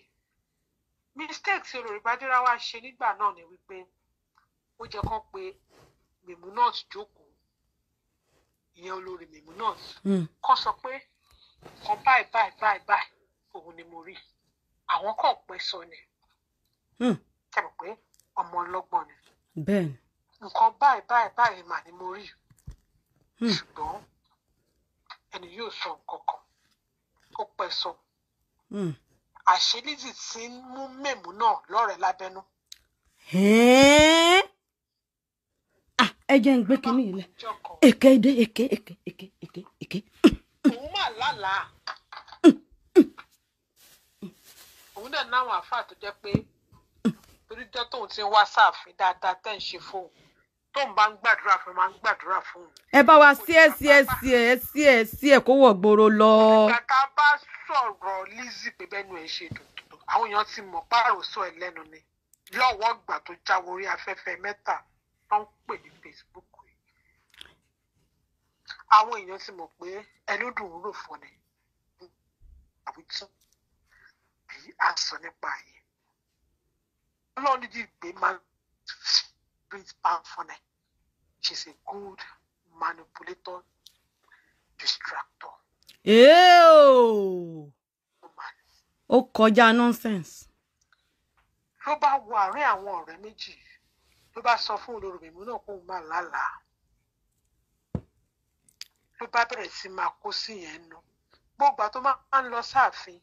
mistake tí olórí Bàdéráwá ṣe nígbà náà ni wípé ó jẹ́ kán pé Mèmúnà jókòó ìyẹn olórí mímú náà hmm. kọ́ sọ pé kan báyìí báyìí báyìí báyìí òun ni mo rí àwọn kan pẹ́ sọ ni tẹ̀mọ̀ hmm. pé ọmọ ọlọ́gbọ́n ni bẹ́ẹ̀ni nǹkan báyìí báyìí báyìí mà ni mo rí hmm. ṣùgbọ́n ẹni yóò sọ nǹkan kan ó pẹ́ sọ àṣẹ Lizzy ti ń mú mẹ́mú náà lọ́rẹ̀ẹ́ lábẹ́nú ẹ jẹ́ ń gbé kínní yìí lẹ̀ èké dé èké èké èké èké èké. òun mà lálàá òun náà náwọn àáfàá tó jẹ́ pé torí jẹ́ tóun ti ń wá sáàfin dáadáa tẹ́ ń ṣe fóun tóun bá ń gbàdúrà fún un máa ń gbàdúrà fún un. ẹ bá wa sí ẹ sí ẹ sí ẹ sí ẹ sí ẹ kó wọ̀ gbòòrò lọ. kàkà bá sọ̀rọ̀ Lizzy pé bẹ́nu ẹ̀ ṣe dùn àwọn èèyàn ti mọ̀ pàrọ̀ sọ ẹ̀ lọ́wọ́ ìgbà tó jáwọ́ orí afẹ́fẹ́ mẹ́ta tó ń pè ní Facebook yìí àwọn èèyàn ti mọ̀ pé ẹnu dùn ún rò fún àwùjọ bí a sọ nípa yìí ọlọ́run yìí gbé máa spirit power fún ni she is a good manipulator distractor. ó kọjá nonsense. ló bá wo àárín àwọn ọ̀rẹ́ méjì yìí ló bá sọ fún olórí mímú náà kóun máa lálàá ló bá bẹ̀rẹ̀ sí máa kó sí yẹn nu gbogbo àtọ́ máa ń lọ sáàfin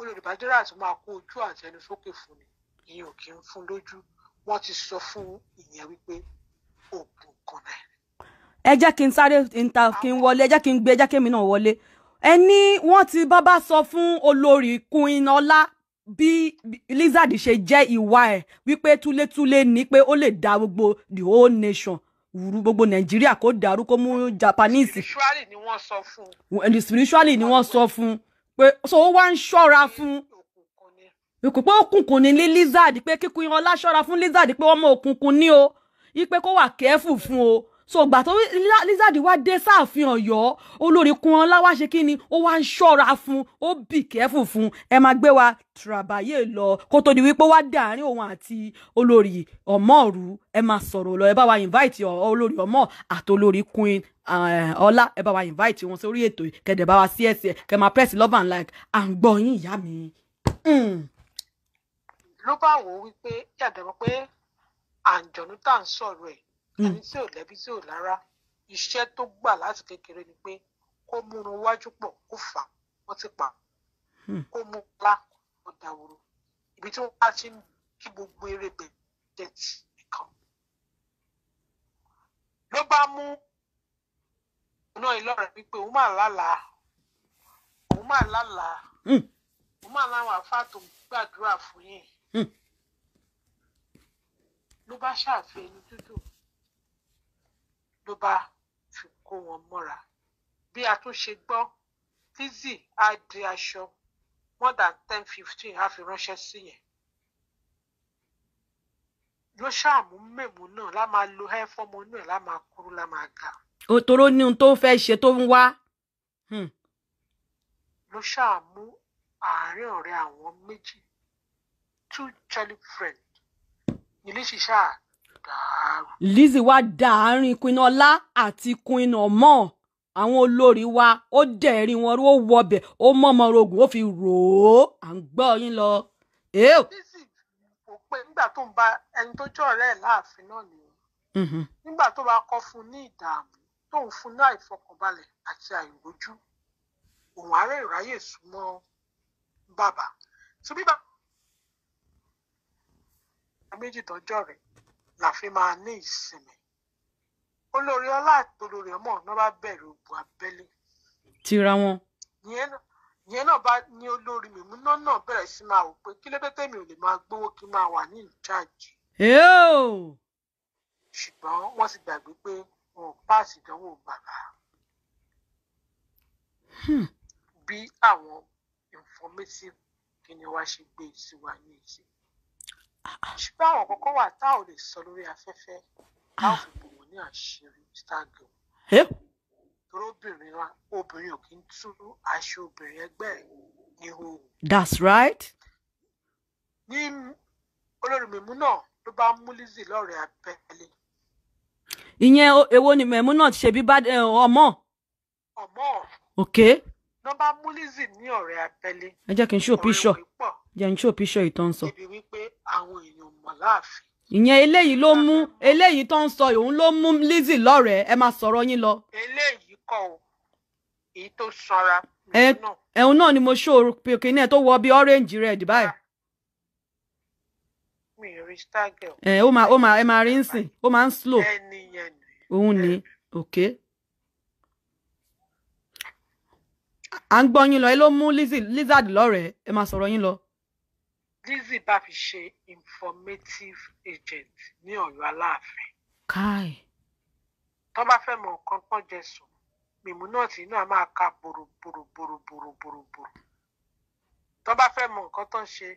olórí bàdúrà tó máa kó ojú àtẹnu sókè fún ni ìyẹn ò kì í fún lójú wọ́n ti sọ fún ìyẹn wípé oògùn kan náà. ẹ jẹ́ kí n sáré níta kí n wọlé ẹ jẹ́ kí n gbé ẹ jẹ́ kí èmi náà wọlé ẹ ní wọ́n ti bábá sọ fún olórí queen ọlá bí Lizard ṣe jẹ́ ìwà ẹ̀ wípé túlétúlé ni pé ó lè da gbogbo the whole nation wùrú gbogbo Nàìjíríà kó dàrú kó mú Japanese. spiritually ni wọ́n sọ fún un. spiritually ni wọ́n sọ fún un pé so ó wá ń ṣọ́ra fún un. òkùnkùn pé òkùnkùn ni lé Lizard pé kíkú yan ọlá ṣọ́ra fún Lizard pé ọmọ òkùnkùn ni o yí pé kó wà kẹ́fù fún o so ìgbà tó Lizard wá dé sáàfin Ọ̀yọ́ olórí kun ọlá wá ṣe kíni ó wá ń ṣọ́ra fún ó bì kẹ́fù fún ẹ máa gbé wa tìràbàyè lọ kó tó di wípé wá dé àárín òun àti olórí ọmọọrù ẹ máa sọ̀rọ̀ lọ ẹ bá wa invite olórí ọmọ àti olórí queen eh, ọlá ẹ bá wa invite wọn sórí ètò kẹdẹ bá wa sí ẹsẹ kẹ máa press love and like à ń gbọ́ yín ìyá mi. Hmm. ló bá wò ó wípé yàtọ̀ pé àǹjọ̀nú tá à ń sọ̀rọ̀ ẹ̀ ẹni tí hmm. ò lẹ́bi tí ò lára iṣẹ́ tó gbà láti kékeré ni pé kó múnu wájú pọ̀ kó fà ó ti pa hmm. kó mú ńlá ó dàwòrò ibi tí wọ́n bá ti ń kí gbogbo eré bẹ̀ dẹ̀tì nìkan ló bá mú iná ìlọrin wípé òun máa lálàá òun máa lálàá hmm. òun máa láwọn àfáà tó gbàdúrà fún yìí ló bá ṣàfihàn ẹni ló bá fi kó wọn mọ́ra bí a tún ṣe gbọ́ Lizzy á di aṣọ more than ten fifteen á fi ránṣẹ́ sí yẹn ló ṣàmú mèmú náà lá máa lo ẹ fọmọ inú ẹ lá máa kúrú lá máa ga. òtòrò ni ohun tó fẹ́ ṣe tó ń wá. Hmm. ló ṣàmú àárín ọ̀rẹ́ àwọn méjì two jolly friends nílé ṣiṣẹ́ àti Lizzy wá da àárín Queen Ọlá àti Queen Omo àwọn olórí wa ó dẹ̀ rí wọn ó wọbẹ̀ ó mọ̀mọ́ rogùn ó fi rò ó à ń gbọ́ yín lọ. Lizzy kò pé nígbà tó ń ba ẹni tó jọ ọ̀rẹ́ ẹ̀ láàfin náà nìyẹn mm-hmm. nígbà tó bá kọ́ fún un ní ìdààmú tóun fún un ní àìfọkànbalẹ̀ àti àìrójú òun àárẹ̀ ìráyè súnmọ́ bàbá tó bí bàbá méjì tọ́jọ́ rẹ̀ la fi máa ní ìsinmi olórí ọlá àti olórí ọmọ náà bá bẹ̀rẹ̀ ogun abẹ́lé. tira wọn. yẹn náà bá ní olórí Mìmúnà náà bẹ̀rẹ̀ sí máa wò pé kí ló dé tèmi ò lè máa gbowó kí n máa wà ní ìjáàjì. ṣùgbọ́n wọ́n ti gbàgbé pé wọn ò páàsì ìdánwò bàbá. Hmm. bí àwọn informative kí ni wàá ṣe gbé sí wa ṣùgbọ́n àwọn kókó wà tá ò lè sọ lórí afẹ́fẹ́ láwọn bò wọ́n ní àṣírí stargirl. torí obìnrin wa obìnrin ò kí ń tú aṣọ obìnrin ẹgbẹ́ ní òun. that's right. ní olórí mímú náà ló bá mú Lizzy lọ́rẹ̀ẹ́ abẹ́lé. ìyẹn èwo ni mẹ̀mú náà ti ṣe bí bá ọmọ. ọmọ. ok. ló bá mú Lizzy ní ọ̀rẹ́ abẹ́lé. ẹ jẹ́ kí n ṣó ọ̀rẹ́ wọ̀nyí pọ̀ jẹ́ n ṣó píṣọ̀ ìtàn sọ. ibi wípé àwọn èèyàn mọ̀ láàfin. ìyẹn eléyìí ló mú eléyìí tó ń sọ òun ló mú Lizzy lọ́rẹ̀ẹ́ ẹ máa sọ̀rọ̀ yín lọ. eléyìí kọ o èyí tó sanra. ẹ̀hún náà ni mo ṣó òkè náà tó wọ bí ọ́rẹ́ǹjì rẹ̀ dìbáyìí. Ah. mi ò rí star girl. ẹ ó máa ó máa ẹ máa rí ń sìn ó máa ń slow. ẹnìyẹn ni. òun ni òkè. à ń gbọ́ yín lọ ẹ ló mú Lizzy Lizard lọ́rẹ̀ẹ́ ẹ máa sọ̀rọ̀ yín lọ. Lizzy bá fi ṣe informative agent ní Ọ̀yọ́ Aláàfin. káì. tó bá fẹ́ mọ nǹkan kan jẹ sùn Mèmúnátì inú a máa ka bòròbòròbòròbòròbòrò tó bá fẹ́ mọ nǹkan tó ń ṣe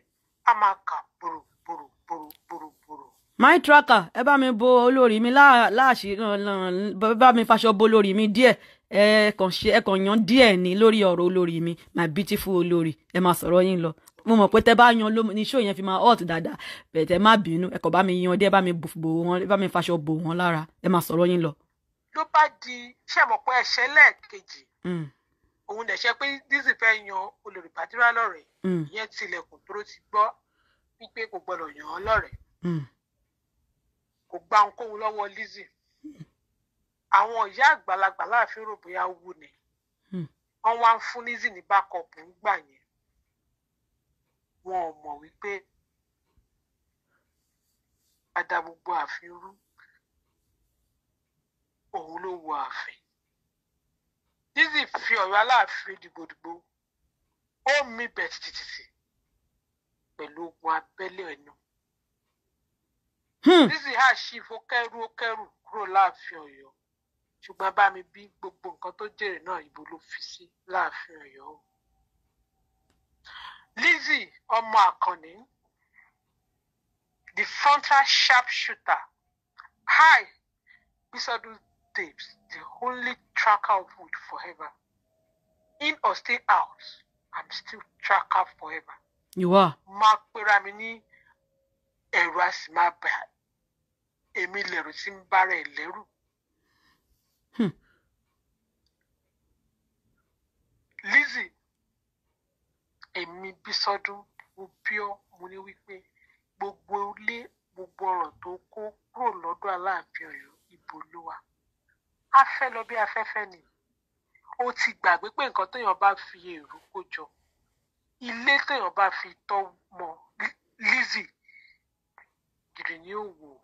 a máa kà bòròbòròbòròbòrò. my tracker ẹ bá mi bo olórí mi láàṣírí bá mi faṣọ bo olórí mi díẹ̀ ẹ kàn ṣe ẹ kàn yan díẹ̀ ní lórí ọ̀rọ̀ olórí mi my beautiful olórí ẹ máa sọ̀rọ̀ yín lọ mo mọ̀ pé tẹ́ bá yan ló ní ṣó yẹn fi máa hot dáadáa bẹ̀ẹ̀ tẹ́ má bínú ẹ kò bá mi yan díẹ̀ bá mi bò wọ́n ẹ bá mi faṣọ bò wọ́n lára ẹ máa sọ̀rọ̀ yín lọ. ló bá di ṣẹ̀mọ̀pọ̀ ẹ̀ṣẹ̀ lẹ́ẹ̀kejì hmm. òun dẹ̀ ṣe pé Lizzy fẹ́ yan olùrìbádúrà lọ́rẹ̀ẹ́ hmm. ìyẹn tilẹ̀kùn tó ti gbọ́ wípé kò gbọ́dọ̀ yan án lọ́rẹ̀ẹ́ hmm. kò gba ohunkóhun lọ́wọ́ Lizzy àwọn ìyá àgbàlagbà láàfin rò wù ni wọ́n wá ń fún Lizzy ní bákọ̀ọ̀pù ń gbà yẹn wọn ò mọ̀ wípé ada gbogbo ààfin rú òun ló wọ ààfin Lizzy fi ọ̀rọ̀ aláàfin dìgbòdìgbò ó mi bẹ̀ títìtìtì pẹ̀lú ogun abẹ́lé ẹ̀nu. Lizzy hmm. hà sí ìfọkẹ́rù ó kẹ́rù kúrò láàfin Ọ̀yọ́ ṣùgbọ́n bá mi bí gbogbo nǹkan tó jèrè náà ibo ló fi sí láàfin Ọ̀yọ́ o. Lizzie ọmọ Àkànní the frontal sharpshooter hi Bisodun Dapes the only tracker of wood forever in or stay out I'm still tracker forever. Ìwà. Máa pera mi ní ẹ̀rọ a sì máa bà èmi lẹ̀rù tí ń bára ẹ̀ lẹ́rù. Hmm. Lizzie èmi Bísọ́dún mo bí ọ mo ní wípé gbogbo ilé gbogbo ọ̀rọ̀ tó kó kúrò lọ́dọ̀ Aláàfin Ọ̀yọ́ ibo ló wà a fẹ́ lọ bí afẹ́fẹ́ ni ó ti gbàgbé pé nǹkan téèyàn bá fi èrò kó jọ ilé téèyàn bá fi tọ́ mọ Lizzy gidi ni ó wò ó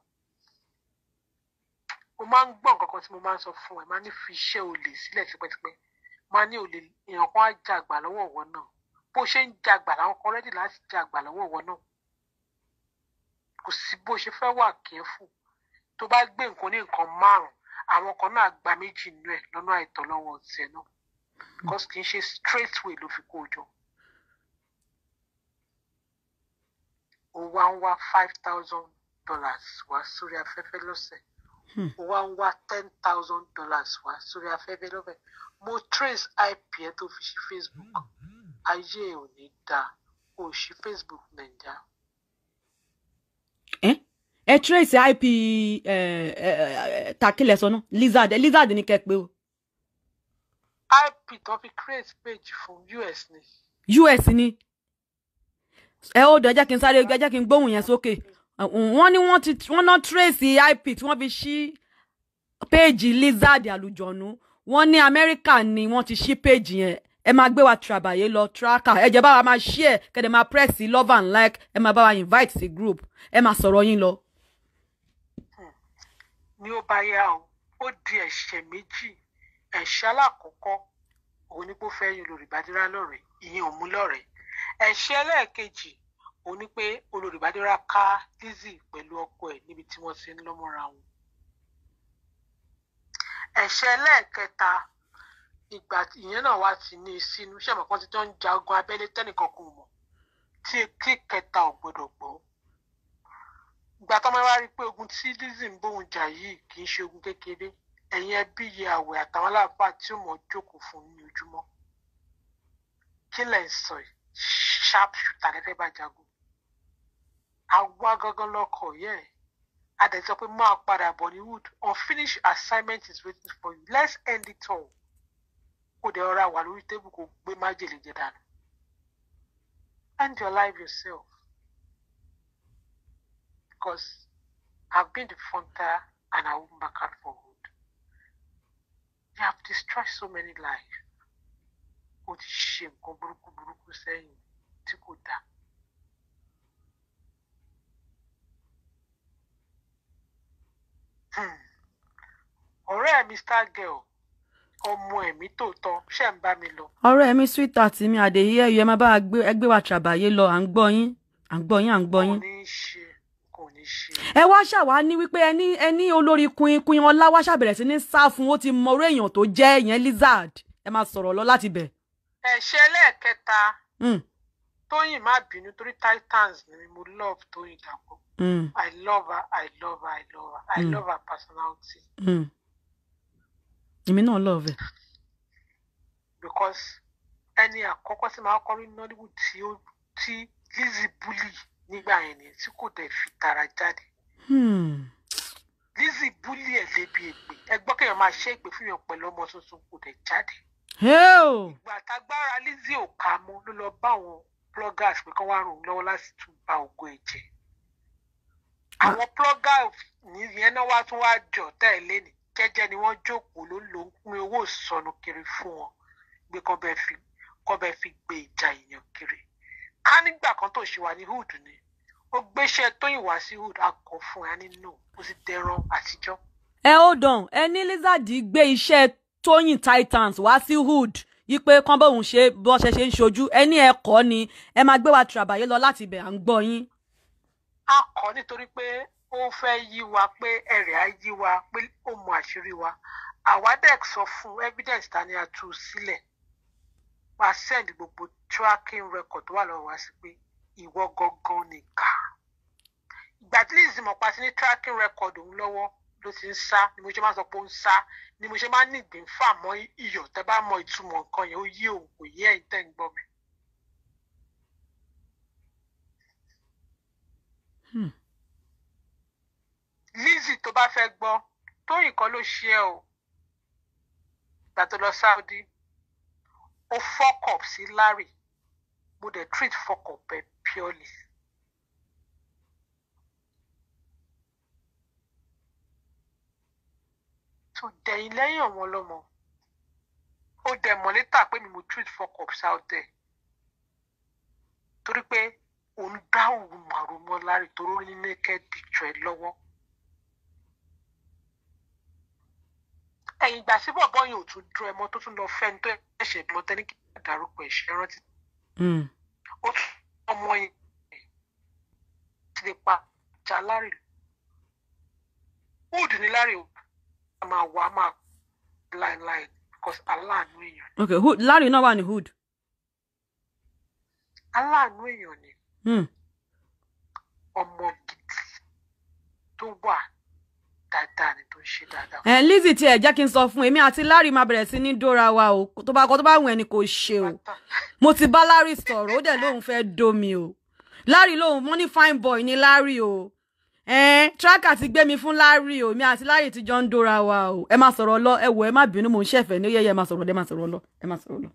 mo máa ń gbọ́ nǹkan kan tí mo máa ń sọ fún ẹ máa ní fi iṣẹ́ olè sílẹ̀ tipẹ́tipẹ́ máa ní olè èèyàn kan á jà àgbà lọ́wọ́ ọ̀wọ́ náà bó ṣe ń jagbà làwọn kan rẹ́dì láti jagbà lọ́wọ́ wọn náà kò sí bó ṣe fẹ́ wà kẹ́fù tó bá gbé nǹkan ní nǹkan márùn àwọn kan náà gba méjì nínú ẹ̀ lọ́nà àìtọ́ lọ́wọ́ tiẹ̀ náà because kì í ṣe straight way ló fi kó o jọ. ó wá ń wá five thousand dollars wá sórí afẹ́fẹ́ lọ́sẹ̀ hmm. ó wá ń wá ten thousand dollars wá sórí afẹ́fẹ́ lọ́sẹ̀ mo trace ip ẹ tó fi ṣe Facebook. Mm -hmm ayé ẹ ò ní dáa kò sí facebook nàìjà. ẹ ẹ trace ip ẹ ẹ takilẹ sọ náà lizard lizard ni kẹ pé o. ip tó fi create page fún us ni. us ni ẹ ó dọ ẹ jẹ́ kí n sáré ẹ jẹ́ kí n gbóhùn yẹn sókè wọ́n ní wọ́n ti wọ́n ná trace ip tí wọ́n fi ṣí péèjì lizard àlùjọ̀nù wọ́n ní amẹ́ríkà ni wọ́n ti ṣí péèjì yẹn ẹ máa gbé wa tìràbàyè lọ tíráàkà ẹ jẹ́ bá wa máa share kẹ́dẹ̀ máa press love and like ẹ máa bá wa invite sí group ẹ máa sọ̀rọ̀ yín lọ. ní ó bá yá o ó di ẹ̀ṣẹ̀ méjì ẹ̀ṣẹ̀ alákọ̀ọ́kọ́ òun ni pé ó fẹ́ yin olùrìbádìrá lọ́rẹ̀ ìyẹn ò mú lọ́rẹ̀ ẹ̀ṣẹ̀ ẹlẹ́ẹ̀kejì òun ni pé olùrìbádìrá ká Lizzy pẹ̀lú ọkọ ẹ̀ níbi tí wọ́n ti ń lọ́mọ́ra wọn ẹ̀ṣẹ̀ ẹlẹ́ẹ̀kẹta ìgbà ìyẹn náà wá ti ní sínú ṣé àmọ́ kan ti tó ń jagun abẹ́lé tẹ́nìkan kò mọ̀ tí etí kẹta ò gbọdọ̀ gbọ́ ìgbà tó máa wá rí i pé ogun tí Lizzy ń bóun jà yìí kì í ṣe ogun kékeré ẹ̀yin ẹbí yẹ àwẹ̀ àtàwọn aláàbá tí ò mọ̀ jókòó fún ní ojúmọ́ kí lẹ̀ ń sọ sharp shooter lẹ́fẹ́ bá jagun àwa gangan lọkọ̀ yẹ́ ẹ̀ adẹ̀ pé máa padà bọ̀ ní wood unfinished assignment is waiting for you let's end it all kò dé ọ̀rá wà lórí tébù kò gbé májèlé jẹ dànù end your life yourself because I've been the fronter and I won't back out for good you have destroyed so many lives o ti ṣe nǹkan burúkú burúkú sẹ́yìn tí kò dáa. Hmm. ọ̀rẹ́ mi star girl ọmọ ẹ̀mí tòótọ́ ṣe ń bá mi lọ. ọ̀rẹ́ mi sweetheart mi àdèyí ẹ̀yọ́ ẹ má bá ẹgbẹ́ wa ṣàbàyé lọ à ń gbọ́ yín à ń gbọ́ yín à ń gbọ́ yín. kò ní ẹ wá ṣàwá ní wípé ẹni ẹni olórí queen queen ọlá wá ṣàbẹ̀rẹ̀ sí ní sá fún ó ti mọ orí èèyàn tó jẹ́ ìyẹn lizard ẹ máa sọ̀rọ̀ lọ láti bẹ̀. ẹ̀ṣẹ̀ ẹlẹ́ẹ̀kẹta hmm. tóyìn má bínú torí titans ni mo love tóyìn dàpọ̀ i hmm. i love her i love her i love her hmm. personality. Mm èmi náà love ẹ. because ẹni àkọ́kọ́ tí màá kọ́ rí nollywood tí ó tí Lizzy bully nígbà yẹn ni tí kò dẹ̀ fi tara jáde. Hmm. Lizzy bully ẹ̀ lébi ègbè ẹgbọ́n kéèyàn máa ṣe ègbè fún yàn pẹ̀lú ọmọ tuntun kò dẹ̀ jáde. ìgbà tágbára Lizzy ò ká mọ́ ló lọ bá àwọn bloggers pé kán wá ràn lọ́wọ́ láti tún ba ògo ẹ̀jẹ̀. àwọn bloggers nìyẹn náà wá tún wá jọ tẹ́lẹ̀ ni jẹ́jẹ́ ni wọ́n jókòó ló ló ń pín owó ìsọnù kiri fún wọn gbé kọ́ bẹ́ẹ̀ fi kọ́ fi gbé ìjà èèyàn kiri ká nígbà kan tó ṣe wà ní hood ni ó gbéṣẹ́ tóyìn wá sí hood akọ fún ẹ nínú ó sì dẹran àtijọ́. ẹ ó dàn ẹ ní lizard gbé iṣẹ́ tóyìn titans wá sí hood yí pé kán bóun ṣe bó ṣe ṣe ń ṣojú ẹ ní ẹkọ ni ẹ máa gbé wa tìràbàyè lọ láti ibẹ̀ à ń gbọ́ yín. a kọ nítorí pé ó fẹ́ yí wa pé ẹ̀rẹ̀ á yí wa pé ó mọ àṣírí wa àwa sọ fún evidence ta ni a tú sílẹ̀ wá send gbogbo tracking record tó wà lọ́wọ́ wa sí pé ìwọ gangan nìkà ìgbà tí sí ní tracking record òun lọ́wọ́ ló ti ń sá ni mo ṣe máa sọ pé ó ń sá ni mo ṣe máa ní ìgbín fà iyọ̀ tẹ́ bá mọ ìtumọ̀ nǹkan yẹn ó yé òun kò yé ẹ̀yin tẹ́ ń gbọ́ mi. Hmm. Lizzy tó bá fẹ́ gbọ́ Tóyìn kan ló ṣe ẹ o gbà tó lọ Saudi ó fuck up sí Larry mo dẹ̀ treat fuck up purely. tó dẹ̀yìn lẹ́yìn àwọn ọlọ́mọ ó dẹ̀ mọ̀ létà pé mi mo treat fuck up out there torí pé òun dá òun màrúmọ́ Larry torí ó ní naked picture ẹ lọ́wọ́. ẹ̀yìn ìgbà tí bọ̀bọ̀ yìí ò tún dúró ẹ̀mọ́ tó tún lọ fẹ́ ní tó ẹ̀ṣẹ̀ lọ tẹ́ ní kí n dárúkọ ẹ̀ṣẹ̀ rántí. Hmm. ó tún ọmọ yẹn ti lè pa ìjà lárè lọ. wood ní lárè ó máa wà á máa láìláì because aláàánú èèyàn ni. ok hood lárè náà wà ní hood. aláàánú èèyàn ni. Hmm. ọmọ gidi tó wà dáadáa ni tó ń ṣe dáadáa. ẹ Lizzy tí ẹ jẹ́ kí n sọ fún èmi àti Larry máa bẹ̀rẹ̀ sí ní dóra wa o tó bá kọ tó bá wù ẹni kò ṣe o mo ti bá Larry sọ̀rọ̀ ó dẹ̀ lóun fẹ́ domi o Larry lóun mo ní fine boy ni Larry o ẹn tíráàkà ti gbé mi fún Larry o mi àti Larry ti jọ ń dóra wa o ẹ máa sọ̀rọ̀ lọ ẹ wò ẹ má bínú mò ń ṣẹ̀fẹ̀ ní yẹ́yẹ́ ẹ máa sọ̀rọ̀ lọ ẹ máa sọ̀rọ̀ lọ ẹ máa sọ̀rọ̀ lọ.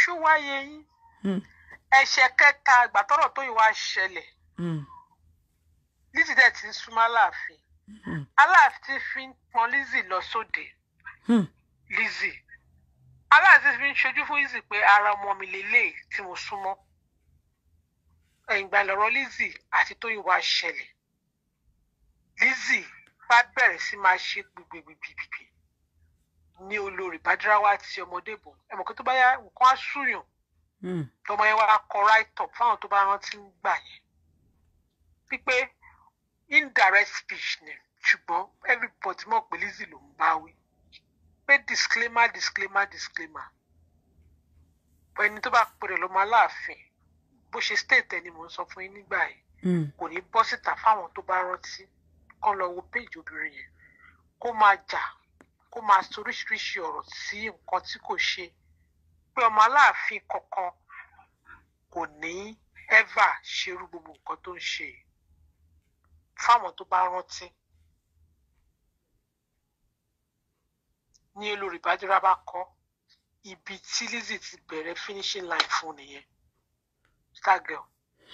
ṣúwáyé yín hmm. ẹ̀ṣẹ̀ kẹta àgbàtọ́rọ̀ tó yìí wá ṣẹlẹ̀ hmm. Lizzy dẹ̀ ti súnmọ́ aláàfin hmm. aláàfin fi ń pọn Lizzy lọ sóde hmm. Lizzy aláàfin fi ń ṣojú fún Lizzy pé ara ọmọ mi lélẹ̀ tí mo súnmọ́ ẹ̀yìn ìgbà lọ́rọ̀ Lizzy àti Tóyìn wá ṣẹlẹ̀ Lizzy bá bẹ̀rẹ̀ sí máa ṣe gbìgbìgbìgbì ní olórí bàdíráwá ti ọmọdé bò tó bá yá nǹkan á hmm. tọmọ yẹn wá kọ right up fáwọn tó bá rántí ń gbà yẹn pípé indirect speech ni ṣùgbọ́n everybody mọ̀ pé Lizzy ló ń bá wí pé disclaimer disclaimer disclaimer ẹni tó bá pèrè ló máa láàfin bó ṣe state ẹni mo ń sọ fún yín nígbà yìí hmm. kò ní bọ́ síta fáwọn tó bá rántí kán lọ wo péjì obìnrin yẹn kó máa jà kó máa sọ ọ̀rọ̀ sí nǹkan tí kò ṣe pé ọmọ aláàfin kankan kò ní ever ṣerú gbogbo nǹkan tó ń ṣe yìí fáwọn tó bá rántí ní olórí ìbádúrà bá kọ ibi tí Lizzy ti bẹ̀rẹ̀ finishing line fún nìyẹn star girl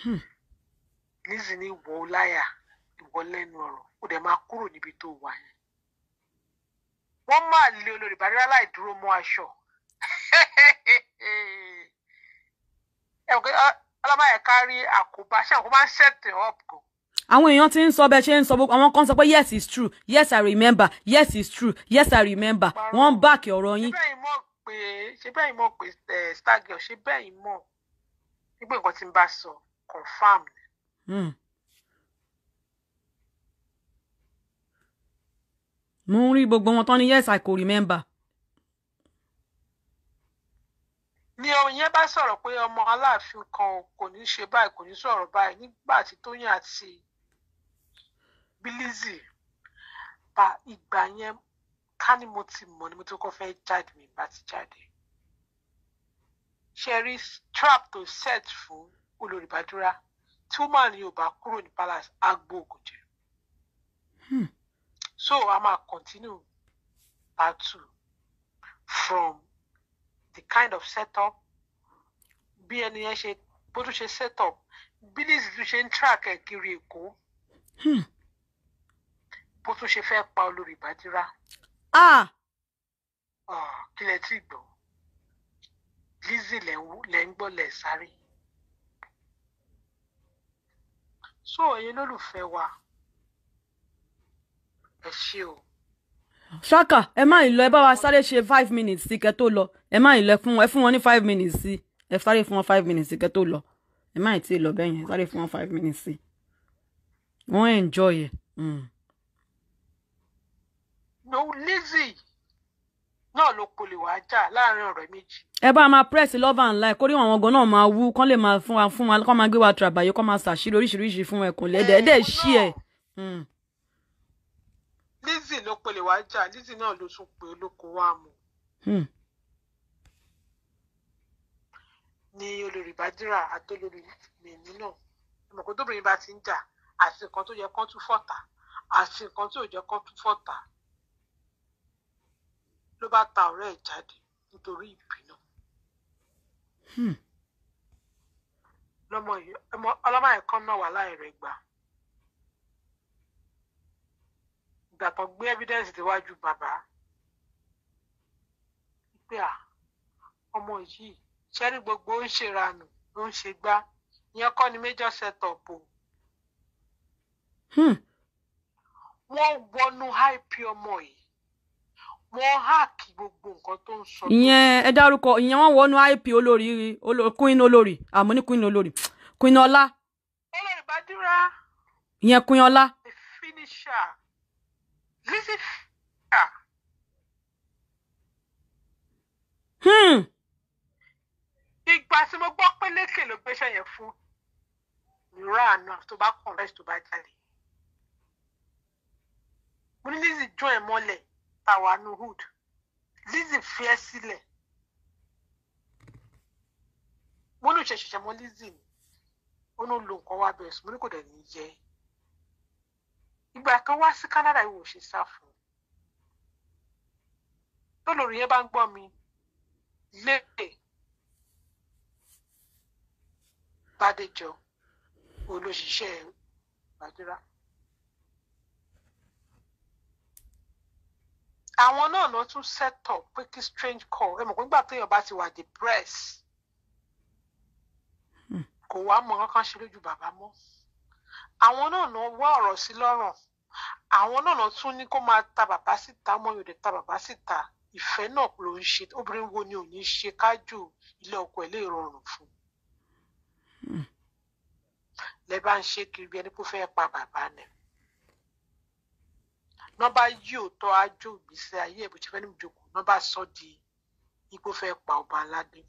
hmm. Lizzy ní ìwọ láyà ìwọ lẹ́nu ọ̀rọ̀ ó dẹ̀ máa kúrò níbi tó wà yẹn wọ́n máa lé olórí ìbádúrà láì dúró mọ́ aṣọ ẹ̀ ọ̀gá ọlọ́mọ ẹ̀ka rí àkóbá ṣé àkóbá ń ṣẹ̀tẹ̀ up gan àwọn èèyàn ti ń sọ bẹ́ẹ̀ ṣe ń sọ gbogbo àwọn kan sọ pé yes it's true yes i remember yes it's true yes i remember wọ́n ń báàkì ọ̀rọ̀ yín. ṣé bẹ́ẹ̀ mọ̀ pé eh, stargirl ṣé bẹ́ẹ̀ mọ̀ nígbà nǹkan tí n bá sọ confam. Hmm. mo ń rí gbogbo wọn tán ní yes i could remember. ni oyin bá sọ̀rọ̀ pé ọmọ aláàfin kan kò ní ṣe báyìí kò ní sọ̀rọ̀ báyìí nígbà tí Tóyìn àti bí Lizzy ìgbà yẹn ká ní mo ti mọ̀ ni mo ti kọ́ fẹ́ jáde mi bá ti jáde ṣẹ̀rí trap tó set fún olùrìbádúrà tí woman yóò bá kúrò ní palace agbo ògùn hmm. so a máa continue part two from the kind of setup bí ẹni yẹn ṣe bó tún ṣe set bí Lizzy tún ṣe ń track ẹ kiri Èkó. Hmm bó tún ṣe fẹ́ pa olórí Bàdírà. Ah! Ah, kí lẹ tí gbọ́ Lizzy lẹ ń gbọ́ lẹ sáré. so ẹ̀yin lólùfẹ́ wa ẹ ṣé o. ṣáka ẹ má ìlọ ẹ bá wa sáré ṣe five minutes sí kẹ́ tó lọ ẹ má ìlọ ẹ fún wọn ní five minutes sí ẹ sáré fún wọn five minutes sí kẹ́ tó lọ ẹ má ì tí ì lọ sáré fún wọn five minutes sí wọ́n enjoy ẹ̀. Mm. No lazy, náà ló kolè wá jà láàrin ọ̀rẹ́ méjì. ẹ bá máa press love and like kórìí àwọn gan náà máa wú kán lè máa fún wa fún wa kán máa gbé wa tìràbàyè kán máa ṣàṣírí oríṣiríṣi fún ẹkùn lẹ́dẹ̀ẹ́ ẹ̀dẹ̀ ṣí ẹ̀. Hmm. Lizzy ló kolè wá jà Lizzy náà ló tún pé olóko wa mú. Hmm. ni olórí bàdíra àtolórí mèmí náà ìmọ̀kó tóbìnrin bá ti ń jà àti nǹkan tó yẹ kán tún fọ̀tà àti nǹkan tó yẹ kán tún fọ̀tà ló bá ta ọ̀rẹ́ ẹ̀ jáde nítorí ìbínú. Hmm. lọ́mọ yìí ọlọ́mọ yìí kan náà wà láìrẹ̀ gbà. ìgbà tó gbé evidence tíwájú bàbá pé à ọmọ yìí ṣẹ́rí gbogbo ń ṣèranù ló ń ṣe gbá ìyẹn kọ́ ni major set up o. Hmm. wọ́n wọnú hype ọmọ yìí wọ́n hack gbogbo nǹkan tó ń sọ. ìyẹn ẹ dárúkọ ìyẹn wọn wọnú ip olórí queen olórí àmọ́ ní queen olórí queen ọlá. olórí Badura. ìyẹn queen ọlá. the finisher Lizzy finisher. Hmm. ìgbà tí mo gbọ́ pé lékè ló gbéṣẹ́ yẹn fún ìrora àná tó bá kàn rẹ́sì tó bá jáde mo ní Lizzy jó mọ́lẹ̀ tàwánú hood Lizzy fẹ́ sílẹ̀ mo ní ìṣẹ̀ṣẹ̀ṣẹ̀ mọ́ Lizzy ni ó ní lo nǹkan wá bẹ̀rẹ̀ sùn mo ní kò dẹ̀ ní jẹ́ ìgbà kan wá sí Canada ìwò ṣe sá fún un tó lórí yẹn bá ń gbọ́ mi léèrè Bádéjọ olóṣìṣẹ́ Gbàdúrà. àwọn náà lọ tún set up pé kí strange call ẹ mọ̀ pé nígbà téèyàn bá ti wà depressed hmm. kò wá mọ kankan ṣe lójú bàbá mọ́ àwọn náà lọ wá ọ̀rọ̀ sí lọ́rùn àwọn náà lọ tún ní kó máa ta bàbá síta mọ́ yòdè ta bàbá síta ìfẹ́ náà ló ń ṣe obìnrin wo ni ò ní ṣe kájù ilé ọkọ ẹ̀ lè rọrùn fún hmm. lẹ bá ń ṣe kiri bí ẹni pé ó fẹ́ pa bàbá ni. Hmm náà bá yí òótọ́ ájò ìgbésí ayé ẹ̀ bó ṣe fẹ́ ní ìjókòó náà bá sọ di igbó fẹ́ pa ọba aládé.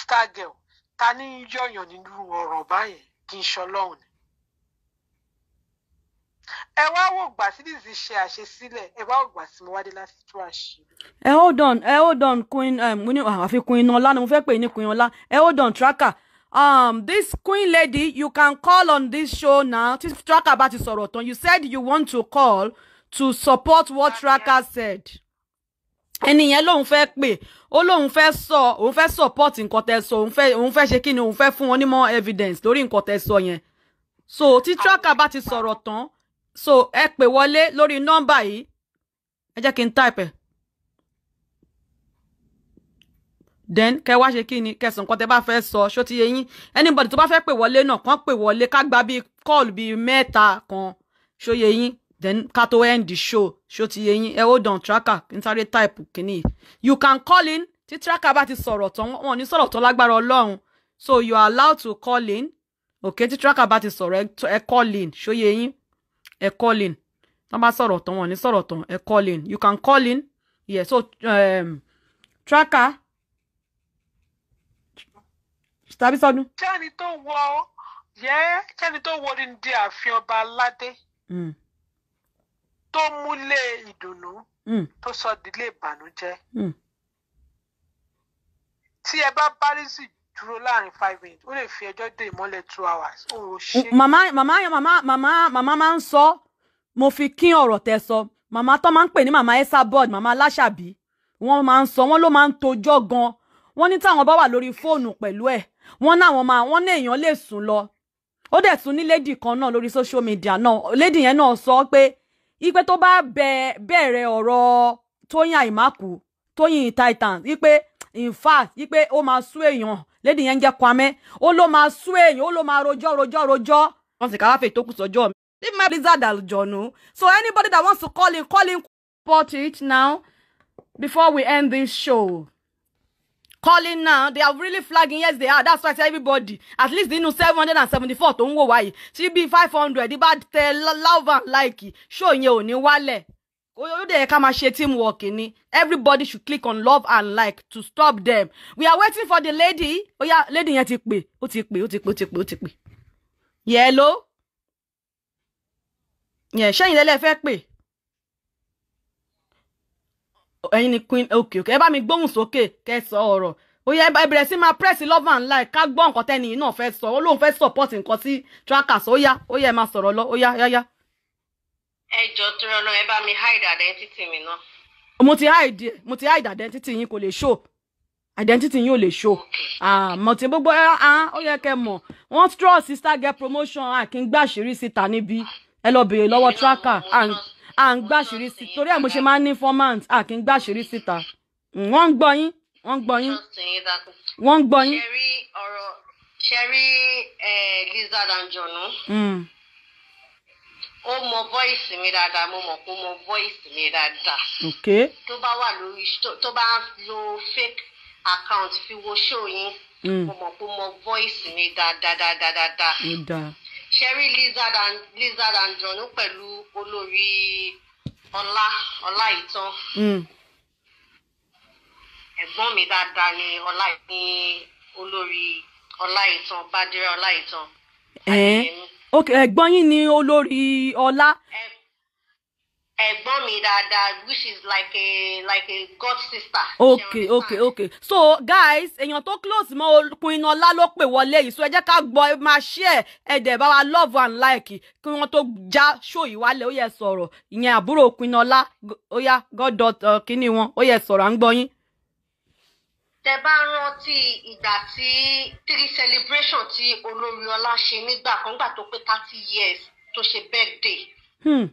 stargirl ta ní yọ̀yàn nínú ọ̀rọ̀ báyẹn kì í ṣọlọ́run ni. ẹ wá wò gbà tí dìzì ṣe àṣesílẹ̀ ẹ wá wò gbà tí mo wá láti tú àṣírí. ẹ hold on ẹ hold on queen um, àfi queen ọlá ni mo fẹ́ pè ní queen ọlá ẹ hold on tracker um, this queen lady you can call on this show now tí tracker bá ti sọ̀rọ̀ you said you want to call to support what tracker said ẹni yẹn lòun fẹ́ pè ó lòun fẹ́ sọ òun fẹ́ support nǹkan tẹ́ sọ òun fẹ́ òun fẹ́ ṣe kí òun fẹ́ fún wọn ní more evidence lórí nǹkan tẹ́ sọ yẹn so tí tracker bá ti sọ̀rọ̀ tán so ẹ pè wọlé lórí nọ́mbà yìí ẹ jẹ́ kí n type ẹ̀. then kẹ wá ṣe kí ni kẹsàn nǹkan tẹ bá fẹ́ sọ ṣó ti yé yín anybody tó bá fẹ́ pè wọlé náà kàn pè wọlé ká gba bíi call bíi mẹ́ta kan ṣó yé then ká tó end the show ṣó ti yé yín ẹ hold on tracker kí n sáré type kìíní you can call in tí tracker bá ti sọ̀rọ̀ tán wọn ní sọ̀rọ̀ tó lágbára ọlọ́run so you are allowed to call in okay tí tracker bá ti sọ̀rọ̀ ẹ call in ṣó yé yín ẹ call in tán bá sọ̀rọ̀ tán wọn ní sọ̀rọ̀ tán ẹ call in you can call in yeah so um, tracker tàbí sọdún. kẹ́ni tó wọ yẹ kẹ́ni tó wọ odindi ààfin ọba aládé mm. tó múlé ìdùnnú mm. tó sọ dílé ìbànújẹ́ mm. tí ẹ bá bárísì dúró láàrin five minutes ó lè fi ẹjọ́ dé ìmọ́lẹ̀ two hours ó ò ṣe. màmá màmá màmá màmá màmá máa ń sọ mo fi kín ọ̀rọ̀ tẹ́ sọ màmá tó máa ń pè ní màmá esa board màmá aláṣàbí wọ́n máa ń sọ wọ́n ló máa ń tojọ́ gan-an wọ́n ní táwọn bá wà lórí fóònù pẹ̀lú ẹ̀ wọ́n náwọn máa wọ́n ní èèyàn lè sùn lọ ó dẹ̀ tún ní lédì kan náà lórí social media náà lédì yẹn náà sọ pé ipe tó bá bẹ̀rẹ̀ ọ̀rọ̀ Tóyìn Àìmákù Tóyìn Titan ipe in fact ipe ó máa sú èèyàn lédì yẹn ń jẹ́ Kwame ó ló máa sú èèyàn ó ló máa rojọ́ rojọ́ rojọ́ wọ́n sì káwáfẹ́ tó kù sọ́jọ́ mi. leave my blizzard aljonu so anybody that wants to call in call in. report it now before we end this show calling now they are really flagging yes they are that's why I say everybody at least they know 774. and seventy why. tó be 500. The bad tell love and like ṣó yẹn Ni wale. wálẹ̀ ó dẹ̀ ká máa ṣe teamwork ni everybody should click on love and like to stop them we are waiting for the lady Oh yeah, lady yẹn ti pè ó ti pè ó ti pè ó ti pè ó ti pè yẹ ló yẹ ẹ̀yin ni queen okay okay ẹ bá mi gbóhùn sókè kẹ́ sọ ọ̀rọ̀ ó yẹ ẹ bẹ̀rẹ̀ sí máa press love and like ká gbọ́ nǹkan tẹ́ni yìí náà fẹ́ sọ ó lóun fẹ́ support nǹkan sí trackers ó yá ó yẹ ẹ máa sọ̀rọ̀ lọ ó yá yáyá. ẹ jọ tó rán ẹ bá mi hide identity mi náà. mo ti hide mo ti hide identity yín kò lè show identity yín ò lè show àmọ́ ah, tí gbogbo ẹ hàn ó yẹ kẹ́ mọ̀ wọ́n straw sister get promotion àkíngbàṣírí síta níbí ẹ lọ bèrè lọ́wọ́ tracker and à ń gbàṣírí sí torí ẹ̀ mo ṣe máa ń ní informant à kì í gbàṣírí síta mm, wọ́n ń gbọ́ yín wọ́n ń gbọ́ yín wọ́n ń gbọ́ yín. ṣe rí Lizard Anjorin. Mm ó mọ voice mi dáadáa mo mọ̀ pé mọ voice mi dáadáa. okay. tó bá wà lórí tó bá lo fake account fi wo show yín. Mm. mo mọ̀ pé ó mọ voice mi dáadáa dáadáa dáadáa. ó dáa sherry lizard and lizard and john pẹ̀lú olórí ọlá ọlá ìtàn hmm. ẹ̀gbọ́n mi dáadáa ni ọlá ní olórí ọlá ìtàn bádìrẹ ọlá ìtàn. ẹ̀gbọ́n yín ni Olori ọlá. ẹ̀gbọ́n ẹ̀gbọ́n mi dáadáa which is like a like a god sister. okay okay okay so guys èèyàn tó close mọ́ Queen Ọlá ló pè wọlé yìí so ẹ jẹ́ ká gbọ́ máa share ẹ dẹ̀ bá wa love and like kí wọ́n tó já show yìí wálẹ̀ ó yẹ sọ̀rọ̀ ìyẹn àbúrò Queen Ọlá ó yá god dot uh, kínní wọn ó yẹ sọ̀rọ̀ à ń gbọ́ yín. tẹ bá rántí ìgbà tí three celebration tí olórí ọlá ṣe nígbà kan gbà tó pé thirty years tó ṣe birthday. Hmm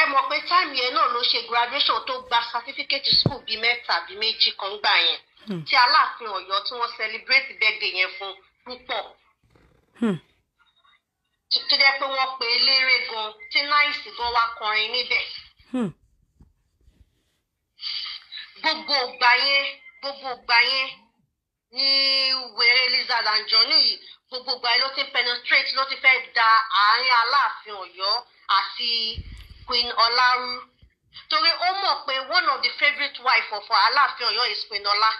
ẹ mọ̀ pé táìmù yẹn náà ló ṣe graduation tó gba certificate school bíi mẹ́ta bíi méjì kan gbà yẹn hmm. tí aláàfin Ọ̀yọ́ tí wọ́n celebrate birthday yẹn fún púpọ̀ hmm. tó jẹ́ pé wọ́n pe eléré gan tí náìsì gan wá kọrin níbẹ̀ hmm. gbogbo ìgbà yẹn gbogbo ìgbà yẹn ní wèrè Lizard Anjorin yìí gbogbo ìgbà yẹn ló ti penetrate ló ti fẹ́ da àárín aláàfin Ọ̀yọ́ àti. Queen Olaru torí ó mọ̀ pé one of the favourite wife of Aláàfin Ọ̀yọ́ is Queen Ọlá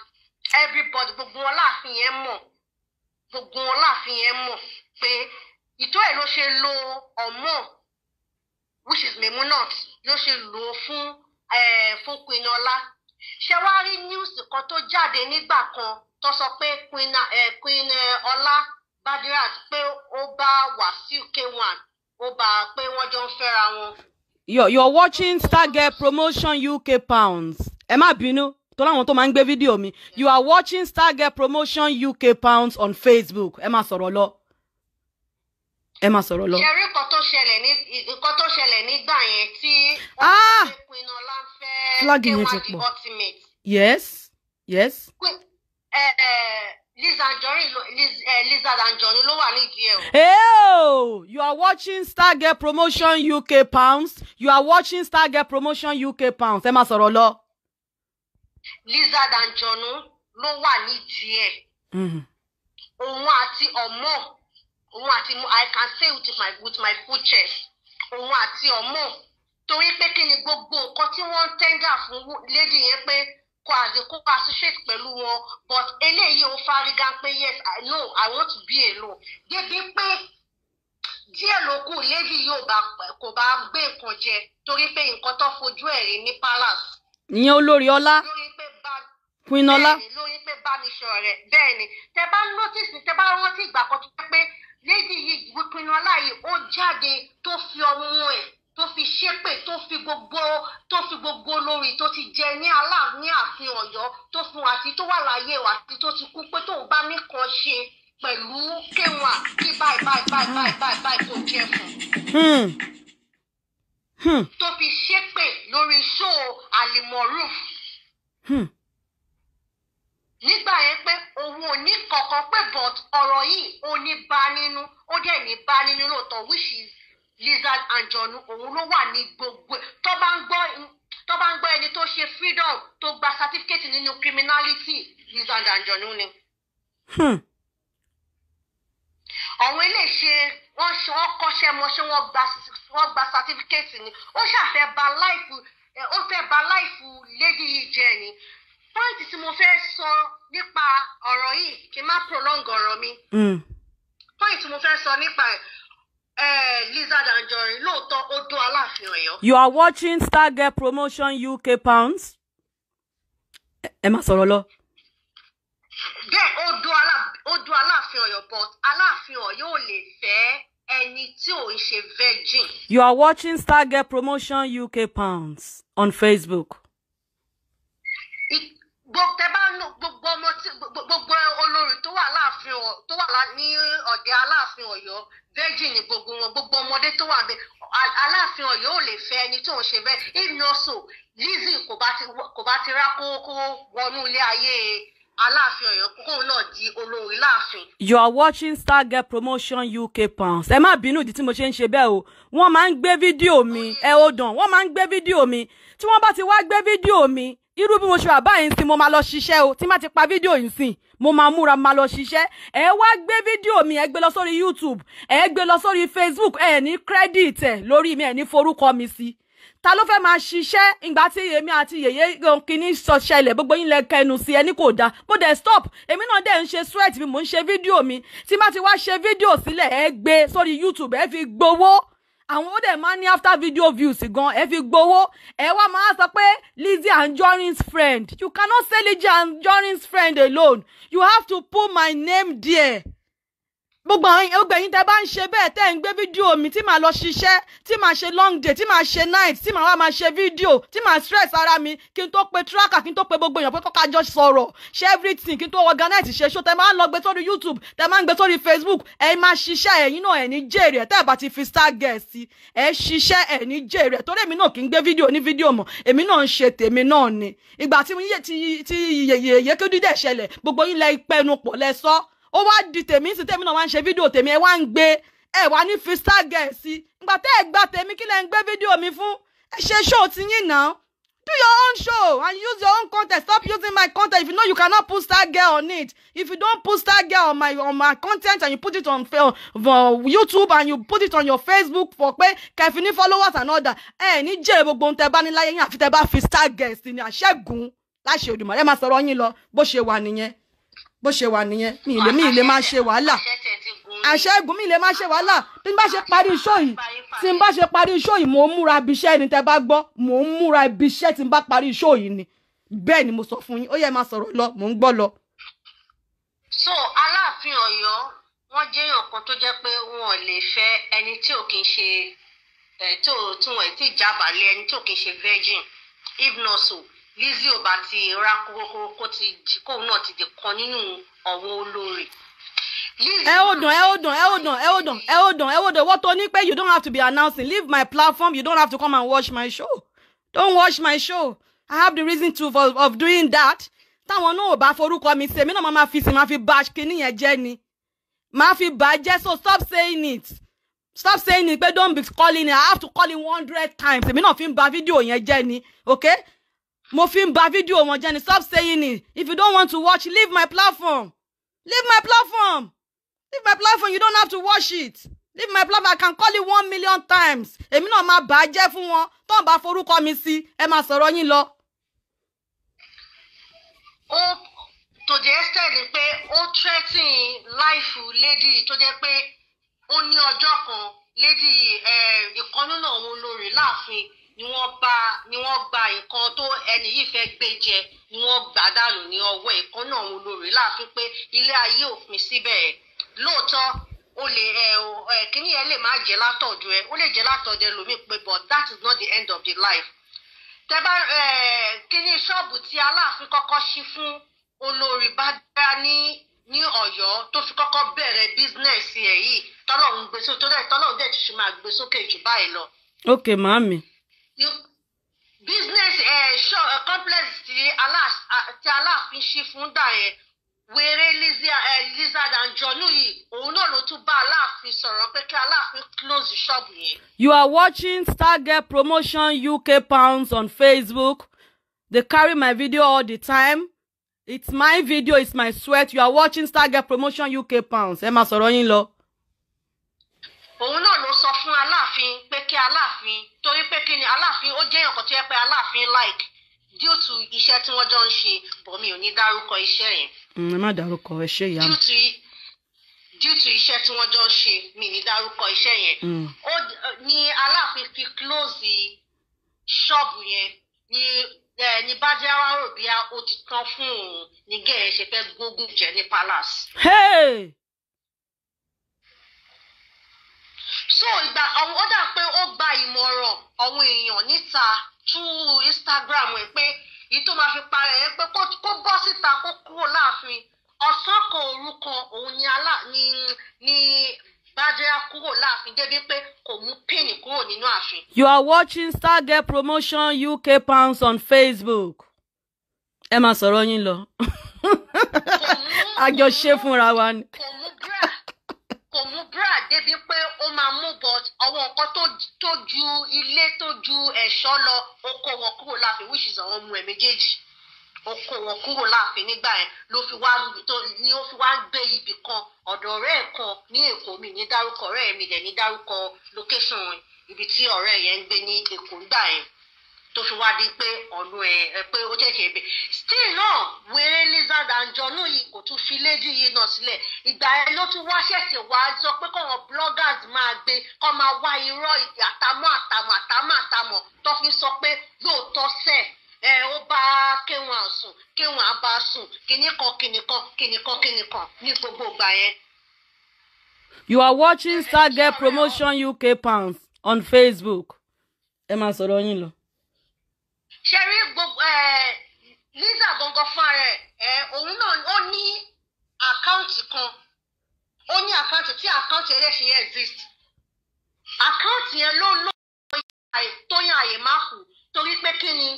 everybody gbogbo Aláàfin yẹn mọ̀ gbogbo Aláàfin yẹn mọ̀ pé ìtọ́ ẹ̀ ló ṣe lo ọmọ which is Memunat ló ṣe lò ó fún eh, fún Queen Ọlá ṣé wàá rí news kan tó jáde nígbà kan tó sọ pé Queen Ọlá eh, eh, Badirat pé ó bá Wàsíù K1 ó bá pé wọ́n jọ ń fẹ́ra wọn you're, you're watching Stargurl Promotion UK Pounds. Emma má tola tó láwọn tó máa ń mi. You are watching Stargurl Promotion UK Pounds on Facebook. Emma má sọ̀rọ̀ lọ. Ẹ má sọ̀rọ̀ lọ. Ṣẹ̀rí nǹkan tó ṣẹlẹ̀ ní nǹkan tó ṣẹlẹ̀ nígbà yẹn tí wọ́n ṣe pinnu láńfẹ́ Kéwàdí Yes, yes. Ẹ ẹ. Eh, eh, Liz Anjorin Liz eh, Lizard Anjorin ló wà nídìí ẹ o. you are watching Star Stargurl Promotion UK pounds. You are watching Star Stargurl Promotion UK pounds. Ẹ máa sọ̀rọ̀ lọ. Lizard Anjorin ló wà nídìí ẹ. Mm-hmm. Òun àti ọmọ òun àti I can say with my with my full chest. Òun àti ọmọ torí pé kí ni gbogbo nǹkan tí wọ́n ń tẹ́ńdà fún lady yẹn pé kó àti kó associate pẹ̀lú wọn but eléyìí ó fárígá pé yes i know i want to be alone débi pé díẹ̀ ló kù lady yóò bá kò bá gbé nǹkan jẹ torí pé nǹkan tó fojú ẹ̀ rí ní palace. ìyẹn olórí ọlá queen ọlá. lórí pé bá mi sọ rẹ bẹ́ẹ̀ tẹ bá notice tẹ bá rántí ìgbà kan tó pé lady yìí queen ọlá yìí ó jáde tó fi ọmọ ẹ̀ tó fi ṣépè tó fi gbogbo tó fi gbogbo olórí tó ti jẹ ní aláàfin ní ààfin Ọ̀yọ́ tó fún àti tó wà láyé àti tó ti kú pé tó bá nìkan ṣe pẹ̀lú kéwọn àti báyìí báyìí báyìí báyìí báyìí báyìí kò jẹ fún. Hmm. Hmm. tó fi ṣépè lórí ṣóò Alimoruf. Hmm. nígbà yẹn pé òun ò ní kankan pé but ọ̀rọ̀ yìí ò ní bá nínú ó dẹ̀ ní bá nínú lóòótọ́ which is Lizard Anjorin òun ló wà ní gbogbo tó bá ń gbọ́ tó bá ń gbọ́ ẹni tó ṣe freedom tó gba certificate nínú criminality Lizard Anjorin ni. Hmm. àwọn iléeṣẹ́ wọ́n ṣe wọ́n kọ́ṣẹ́ mọṣẹ́ wọ́n gba wọ́n gba certificate ni ó ṣàfẹ́ ba láìfù ó fẹ́ ba láìfù lady yìí jẹ́ ni pọ́ìntì tí mo fẹ́ sọ nípa ọ̀rọ̀ yìí kí n má prolong ọ̀rọ̀ mi hmm. pọ́ìntì tí mo fẹ́ sọ nípa ẹ̀ You are watching Star Stargurl Promotion UK Pounds. Ẹ má sọ̀rọ̀ lọ. Bẹ́ẹ̀ ó dó Aláàfin Ọ̀yọ́ but Aláàfin Ọ̀yọ́ ò lè fẹ́ ẹni tí ò ń ṣe virgin. You are watching Star Stargurl Promotion UK Pounds on Facebook. Gbogbo ọmọ tí gbogbo olórin tó wà láàfin tó wà ní ọ̀dẹ̀ Aláàfin Ọ̀yọ́ virgin ni gbogbo wọn gbogbo ọmọdé tó wà bẹ aláàfin Ọ̀yọ́ ò lè fẹ́ ẹni tó ń ṣe bẹ́ẹ̀ if not so Lizzy kò bá ti rá kó wọnú ilé ayé aláàfin Ọ̀yọ́ kókóun náà di olórí láàfin. you are watching Star stargurl promotion uk pounds ẹ má bínú ìdí tí mo ṣe ń ṣe bẹ́ẹ̀ o wọ́n máa ń gbé fídíò mi ẹ ó dàn wọ́n máa ń gbé fídíò mi tí wọ́n bá ti wá gbé fídíò mi irú bí mo ṣe wà báyìí ń sin mo máa lọ ṣiṣẹ́ o tí má ti pa fídíò yìí sìn mo máa múra máa lọ ṣiṣẹ́ ẹ wá gbé fídíò mi ẹ gbé lọ sórí YouTube ẹ gbé lọ sórí Facebook ẹ ní credit ẹ lórí mi ẹ ní forúkọ mi sí ta ló fẹ́ máa ṣiṣẹ́ ìgbà tí èmi àti yèyé kìíní ṣọṣẹlẹ̀ gbogbo yín lẹ kẹnu sí ẹni kò dáa mo dẹ̀ stop èmi náà dẹ̀ ń ṣe sweat mi mò ń ṣe fídíò mi tí má ti wá ṣe fídíò sílẹ̀ ẹ gbé sórí YouTube ẹ fi gbowó àwọn ó dẹ̀ máa ní after video views gan ẹ fi gbowó ẹ wá máa sọ pé Lizzy Anjorin's friend you cannot say Lizzy Anjorin's friend alone you have to put my name there gbogbo gbogbo ẹ̀yin tẹ́ bá ń ṣe bẹ́ẹ̀ tẹ́ ń gbé fídíò mi tí màá lọ ṣiṣẹ́ tí màá ṣe long day tí màá ṣe night tí màá wá máa ṣe fídíò tí màá stress ara mi kí n tó pe tracker kí n tó pe gbogbo èèyàn pé kọ́ka jọ sọ̀rọ̀ ṣe everything kí n tó organize ṣe ṣó tẹ́ máa ń lọ gbé sórí youtube tẹ́ máa ń gbé sórí facebook ẹ máa ṣiṣẹ́ ẹ̀yin náà ẹ̀ ní jèrè ẹ̀ tẹ́ bá ti fi star guest ẹ ṣiṣẹ́ ẹ̀ ní jèrè torí èmi náà kì í gbé fídíò ní fídíò mọ̀ èmi náà ń ṣe tèmi náà ni ìgbà tí yèyè kékeré dídẹ̀ ṣẹlẹ̀ gbogbo yín lẹ ìpẹnupọ̀ ó wá di tèmi sí tèmi náà wá ń ṣe fídíò tèmi ẹ wá ń gbé ẹ wá ní freestyle girl sí ìgbà tẹ́ ẹ gba tèmi kí lẹ́ ń gbé fídíò mi fún ẹ ṣe show ti yín náà do your own show and use your own content stop using my content if you know you cannot put star girl on it if you don't put star girl on my on my content and you put it on on YouTube and you put it on your Facebook for pé kẹfì ní followers and all that ẹ ní jèrè gbogbo ohun tẹ́ bá ní láyé yín àfi tẹ́ bá fi star girl sí ni àṣẹ́gun láṣẹ Olódùmarè máa sọ̀rọ̀ yín lọ bó ṣe wà nìyẹn bó ṣe wà nìyẹn mi ìlè mi ìlè máa ṣe wàhálà àṣẹ ẹgùn mi ìlè máa ṣe wàhálà tí n bá ṣe parí iṣọ́ yìí tí n bá ṣe parí iṣọ́ yìí mò ń múra ibi iṣẹ́ ni tẹ́ bá gbọ́ mò ń múra ibi iṣẹ́ tí n bá parí iṣọ́ yìí ni bẹ́ẹ̀ ni mo sọ fún yín ó yẹ máa sọ̀rọ̀ lọ mò ń gbọ́ lọ. so aláàfin Ọ̀yọ́ wọn jẹ èèyàn kan tó jẹ pé wọn ò lè fẹ́ ẹni tí ò kì í ṣe tí wọn ò tí ẹni tí ò kì í ṣe virgin if not so Lizzy ò bá ti ra kó ti jí kóun náà ti dè kan nínú ọ̀wọ́ olóore. ẹ hold on ẹ hold on ẹ hold on ẹ hold on ẹ hold on ẹ hold on wọ́n tó ní pé you don't have to be announcing leave my platform you don't have to come and watch my show don't watch my show I have the reason to for of doing that táwọn náà ò bá forúkọ mi ṣe mí náà máa fi sìn máa fi ba kinní yẹn jẹ́ ni máa fi bà á so stop saying it stop saying it pé don't be calling it I have to call it one hundred times èmi náà fi ń ba fídíò yẹn jẹ́ ni okay mo fi ń ba fídíò wọn jẹ́ ni stop saying it if you don't want to watch leave my platform leave my platform leave my platform you don't have to watch it leave my platform I can call you one million times èmi náà máa bà á jẹ́ fún wọn tó ń bá forúkọ mi sí ẹ máa sọ̀rọ̀ yín lọ. ó to the extent pé ó threatening life lady tó jẹ́ pé ó ní ọjọ́ kan lady ìkan nínú àwọn olórin láàfin ni wọ́n bá ni wọ́n gba nǹkan tó ẹni yìí fẹ́ gbé jẹ ni wọ́n gbà dànù ní ọwọ́ ẹ̀kan náà wọn lórí láàfin pé ilé ayé òfin síbẹ̀ lóòótọ́ o lè ẹ ẹ kíní ẹ lè má jẹ látọ̀dọ̀ ẹ ó lè jẹ látọ̀dọ̀ ẹ lómi pé but that is not the end of the life tẹ ẹ kíní ṣọ́ọ̀bù tí aláàfin kọ́kọ́ ṣí fún olórí bá dá ní ní Ọ̀yọ́ tó fi kọ́kọ́ bẹ̀rẹ̀ bísínẹsì ẹ yìí tọlọ́run gbèsò tó dẹ ti ṣe máa gbèsòkè jù báyìí lọ. ok màámi. You business uh, eh, show, uh, eh, complex ti aláàfin ṣí fún dà yẹn wéré eh, lizard and anjọ̀nú yìí òun náà ló tún bá aláàfin sọ̀rọ̀ pé kí aláàfin close shop yẹn. you are watching Stargurl Promotion UK Pounds on Facebook. They carry my video all the time. It's my video, it's my sweat. You are watching Star Stargurl Promotion UK Pounds. Ẹ máa sọ̀rọ̀ yín lọ òun náà ló sọ fún aláàfin pé kí aláàfin torí pé kí ni aláàfin ó jẹ́ èèyàn kan tó yẹ pé aláàfin like due to iṣẹ́ tí wọ́n jọ ń ṣe bọ̀ mi ò ní dárúkọ iṣẹ́ yẹn. Mm, ẹ má dárúkọ iṣẹ́ yẹn. due to due to iṣẹ́ tí wọ́n jọ ń ṣe mi ní dárúkọ iṣẹ́ yẹn. Mm. ó ní aláàfin fi close ṣọ́ọ̀bù yẹn ní ní bájáwá rò bí ó ti tán fún òun ní gẹ̀ẹ́ fẹ́ gbógun jẹ ní palace. so ìgbà àwọn ó pé ó gba ìmọ̀ràn àwọn èèyàn níta through Instagram ẹ̀ pé èyí máa fi parẹ́ ẹ pé kó bọ́ síta kó kúrò láàfin ọ̀sán kan òru òun ni alá ni ni Bádéra kúrò láàfin débi pé kò mú píìnì kúrò nínú ààfin. You are watching Stargurl Promotion UK Pounds on Facebook. ẹ máa sọ̀rọ̀ yín lọ *laughs* àjọṣe fúnra wa ni. kò mú mú bra débi pé ó máa mú but àwọn nǹkan tó ju ilé tó ju ẹ̀ṣọ́ lọ ó wọn kúrò láàfin which is àwọn ọmọ ẹ̀ méjèèjì ó kó wọn kúrò láàfin nígbà yẹn ló fi wá ní ó fi wá gbé ibì kan ọ̀dọ̀ ọ̀rẹ́ ẹ̀ kan ní èkó mi ní dárúkọ ọ̀rẹ́ mi dẹ̀ ní dárúkọ location ibi tí ọ̀rẹ́ yẹn ń gbé ní èkó nígbà yẹn tó fi wá di pé ọ̀nù ẹ̀ pé ó tẹ̀sẹ̀ bẹ̀. still náà wéré lizard anjọ́nù yìí kò tún fi léjì yìí náà sílẹ̀ ìgbà ẹ ló tún wá ṣẹ̀ṣẹ̀ wá sọ pé kọ̀wọ̀n bloggers máa gbé kọ́ máa wá irọ́ àtàmọ́ àtàmọ́ àtàmọ́ àtàmọ́ tó fi sọ pé lóòótọ́ sẹ̀ ẹ ó bá kéwọn àsùn kéwọn àbá sùn kìnnìkan kìnnìkan kìnnìkan kìnnìkan ní gbogbo ìgbà yẹn. You are watching Stargurl Promotion UK Pounds on Facebook. Ẹ máa sọ̀rọ̀ yín lọ ṣe rí gbogbo Lizzy gangan fún ara ẹ òun náà ó ní àkáǹtì kan ó ní àkáǹtì tí àkáǹtì ẹlẹ́sìn yẹn exist àkáǹtì yẹn ló ló tó yan àyè má kù torí pé kí ni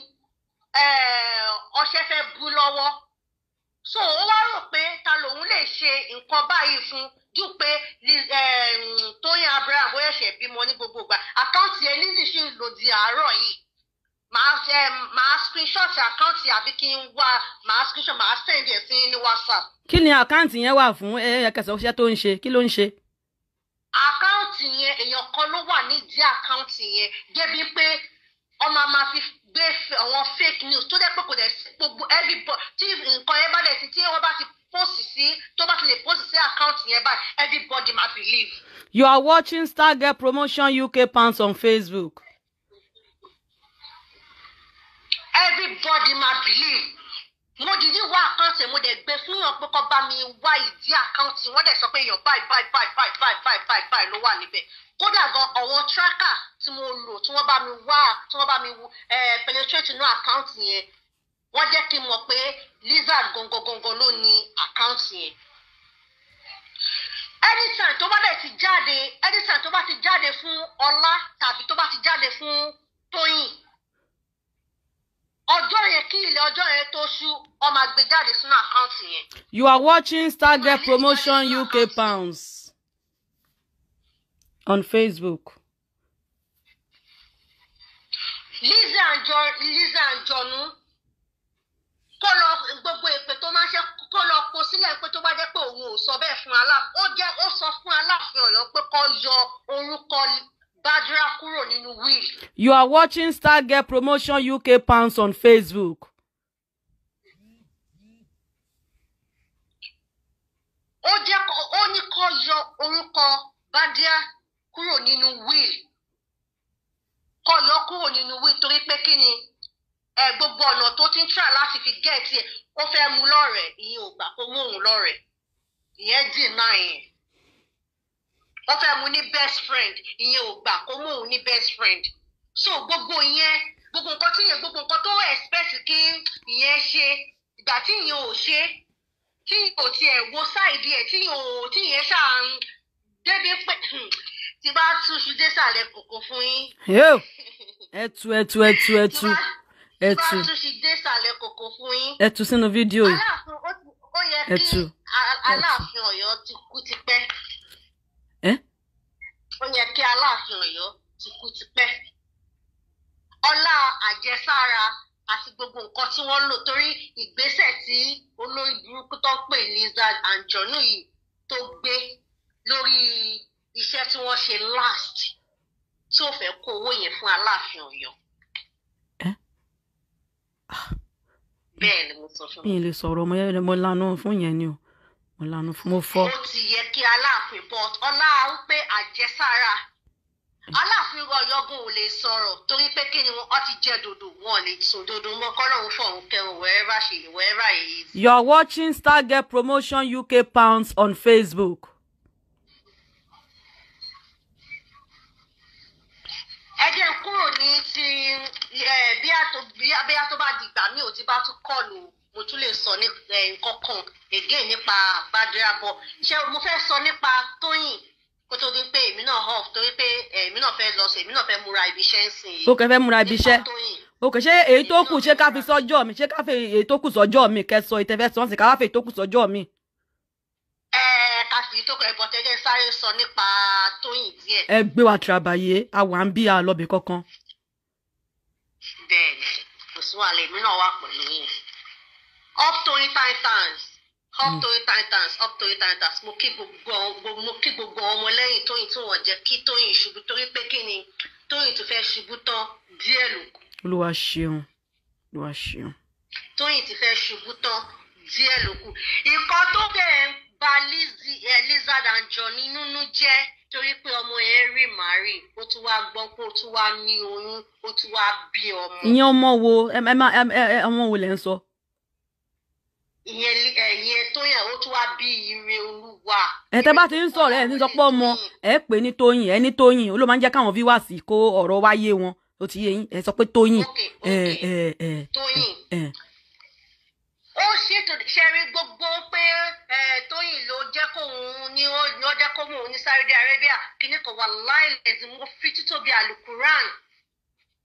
ọṣẹ fẹ́ bú lọ́wọ́ so ó wá rò pé ta lòun lè ṣe nǹkan báyìí fún jù pé Tóyìn Abraham ó ẹ̀ṣẹ̀ bímọ ní gbogbo ìgbà àkáǹtì ẹ̀ Lizzy ṣì ń lò di àárọ̀ yìí màá ẹ eh, màá screenshot àkáǹtì àbí kí n wá màá screenshot màá send ẹ̀ sí ní whatsapp. kí ni àkáǹtì yẹn wà fún ẹ kẹsàn-án iṣẹ́ tó ń ṣe kí ló ń ṣe. àkáǹtì yẹn èèyàn kan ló wà nídìí àkáǹtì yẹn débi pé ọmọ máa fi gbé àwọn fake news tó dẹ́ pé kò dẹ̀ sí gbogbo everybody tí nǹkan yẹn bá dẹ̀ sí tí wọ́n bá ti post sí tó bá ti lè post sí account yẹn báyìí everybody ma believe. you are watching Star Stargurl Promotion UK Pants on Facebook. everybody ma believe mo dìde wa àkáǹtì mo dẹ̀ gbé fún wọn pé kó bá mi wa ìdí àkáǹtì wọ́n dẹ̀ sọ pé èèyàn báyìí báyìí báyìí báyìí báyìí báyìí báyìí báyìí ló wà níbẹ̀ kódà gan àwọn tracker tí mo lò tí wọ́n bá mi wá tí wọ́n bá mi penetrate inú àkáǹtì yẹn wọ́n jẹ́ kí n mọ̀ pé lizard gangan ló ní àkáǹtì yẹn anytime tó bá ti jáde anytime tó bá ti jáde fún ọlá tàbí tó bá ti jáde fún tóyìn ọjọ́ yẹn kí ilẹ̀ ọjọ́ yẹn tó ṣú ọ máa gbé jáde sínú àkáǹtì yẹn. you are watching Stargurl promotion UK pounds on Facebook. Lizzy Anjo Lizzy Anjonu kó lọ gbogbo èpè tó máa ṣe kó lọ kó sílẹ̀ pé tó bá jẹ́ pé òun ò sọ bẹ́ẹ̀ fún aláàfin ó jẹ́ ó sọ fún aláàfin ọ̀yọ́ pé kó yọ orúkọ gbàdúrà kúrò nínú wíìlì. you are watching Star Girl Promotion UK pounds on Facebook. ó jẹ́ ó ní kó yọ orúkọ bàdíà kúrò nínú wíìlì kó yọ kúrò nínú wíìlì torí pé kí ni ẹ gbogbo ọ̀nà tó ti ń try láti fi gẹ̀ẹ́tì ẹ̀ ó fẹ́ mú lọ́rẹ̀ẹ́ ìyẹn ò gbà kó mú òun lọ́rẹ̀ẹ́ ìyẹn dì náà yẹn wọ́n fẹ́ mu ní best friend ìyẹn ò gbà kó mú òun ní best friend so gbogbo ìyẹn gbogbo nǹkan tí ìyẹn gbogbo nǹkan tó expect kí ìyẹn ṣe ìgbà tí ìyẹn ò ṣe tí kò tiẹ̀ wo sáìdì ẹ̀ tí ò tí ìyẹn ṣáà ń débi pé hmm, tí bá túṣu désàlẹ̀ kòkó fún yín. *laughs* ẹtu ẹtu ẹtu ẹtu ẹtu ẹtu sínú fídíò yìí ẹtu ẹtu aláàfin Ọ̀yọ́ ti kú tipẹ́ ó yẹ kí aláàfin Ọ̀yọ́ ti kú tipẹ́ ọlá àjẹsára àti gbogbo nǹkan tí wọ́n lò torí ìgbésẹ̀ tí olórí burúkú tó pè ní Lizard Anjorin yìí tó gbé lórí iṣẹ́ tí wọ́n ṣe last tí ò fẹ́ kó owó yẹn fún aláàfin Ọ̀yọ́. bẹ́ẹ̀ ni mo sọ fún mi. mi ò lè sọ̀rọ̀ mo lanu fún yẹn ni o mo lanu fún mo fọ. ó ti yẹ kí aláàfin port ọlá wípé àjẹsára aláàfin ọyọgùn ò lè sọ̀rọ̀ torí pé kí ni wọn ti jẹ dodo wọn lè sùn dodo mọ kọlọ ń fọhùn kẹrùn wherever she wherever he is. you're watching Star Stargurl Promotion UK Pounds on Facebook. ẹ kúrò ní ti bí a tó bá dìgbà mi ò ti bá tún kọ́ọ̀lù mo tún lè sọ ní nǹkan kan again nípa àbádúrábọ̀ ṣé mo fẹ́ sọ nípa tóyìn kó tó di pé èmi náà off torí pé èmi náà fẹ́ lọ sí èmi náà fẹ́ múra ibi iṣẹ́ ń sìn yìí. o kò fẹ́ múra ibi iṣẹ́ o kò ṣe èyí tó kù ṣé ká fi sọ́jọ́ mi ṣé ká fi èyí tó kù sọ́jọ́ mi kẹ́ sọ ìtẹ́fẹ́ sọ́n sí ká wá fi èyí tó kù sọ́jọ́ mi. ẹ ẹ ká fi tó kẹ bọ́tẹ́ jẹ́ sáré sọ nípa tóyìn díẹ̀. ẹ gbé wa tìrabàyè àwọn à ń bí a lọ bì kankan. bẹ́ẹ̀ni kò sí wàhálà èmi náà wà pẹ̀lú yìí up to inheritance mm. up to inheritance up to inheritance mo kí gbogbo mo kí gbogbo ọmọ lẹ́yìn tóyìn tí wọ́n jẹ́ kí tóyìn ṣubú torí pé kí ni tóyìn tó fẹ́ ṣubú tán díẹ̀ ló kù. olúwa ṣeun olúwa ṣeun. tóyìn ti fẹ́ ṣubú tán díẹ̀ ló kù ikọ́ tó bẹ̀rẹ̀ ń bà Lizard and Johnny nínú jẹ́ torí pé ọmọ yẹn rí màrí ó tún wá gbọ́n pé ó tún wá ní oyún ó tún wá bí ọmọ. ìyẹn ọmọ wo ọmọ wo lẹ ń sọ ìyẹn eh, ìyẹn tóyìn ó tún wá bí ire olúwa. ẹ eh, tẹ́ bá ti ń sọ̀rọ̀ ẹ ní sọpọ ọmọ ẹ pè ní tóyìn ẹ ní tóyìn ó ló máa ń jẹ́ káwọn viewers kó ọ̀rọ̀ wá wọn ó ti yé yín ẹ sọ pé tóyìn. Eh, ó ṣètò ṣẹrí gbogbo pé tóyìn ló jẹ́ kóun ní ó jẹ́ kóun ní Saudi Arabia kíní kan wà láìlẹsìn mo fi títóbi alukuran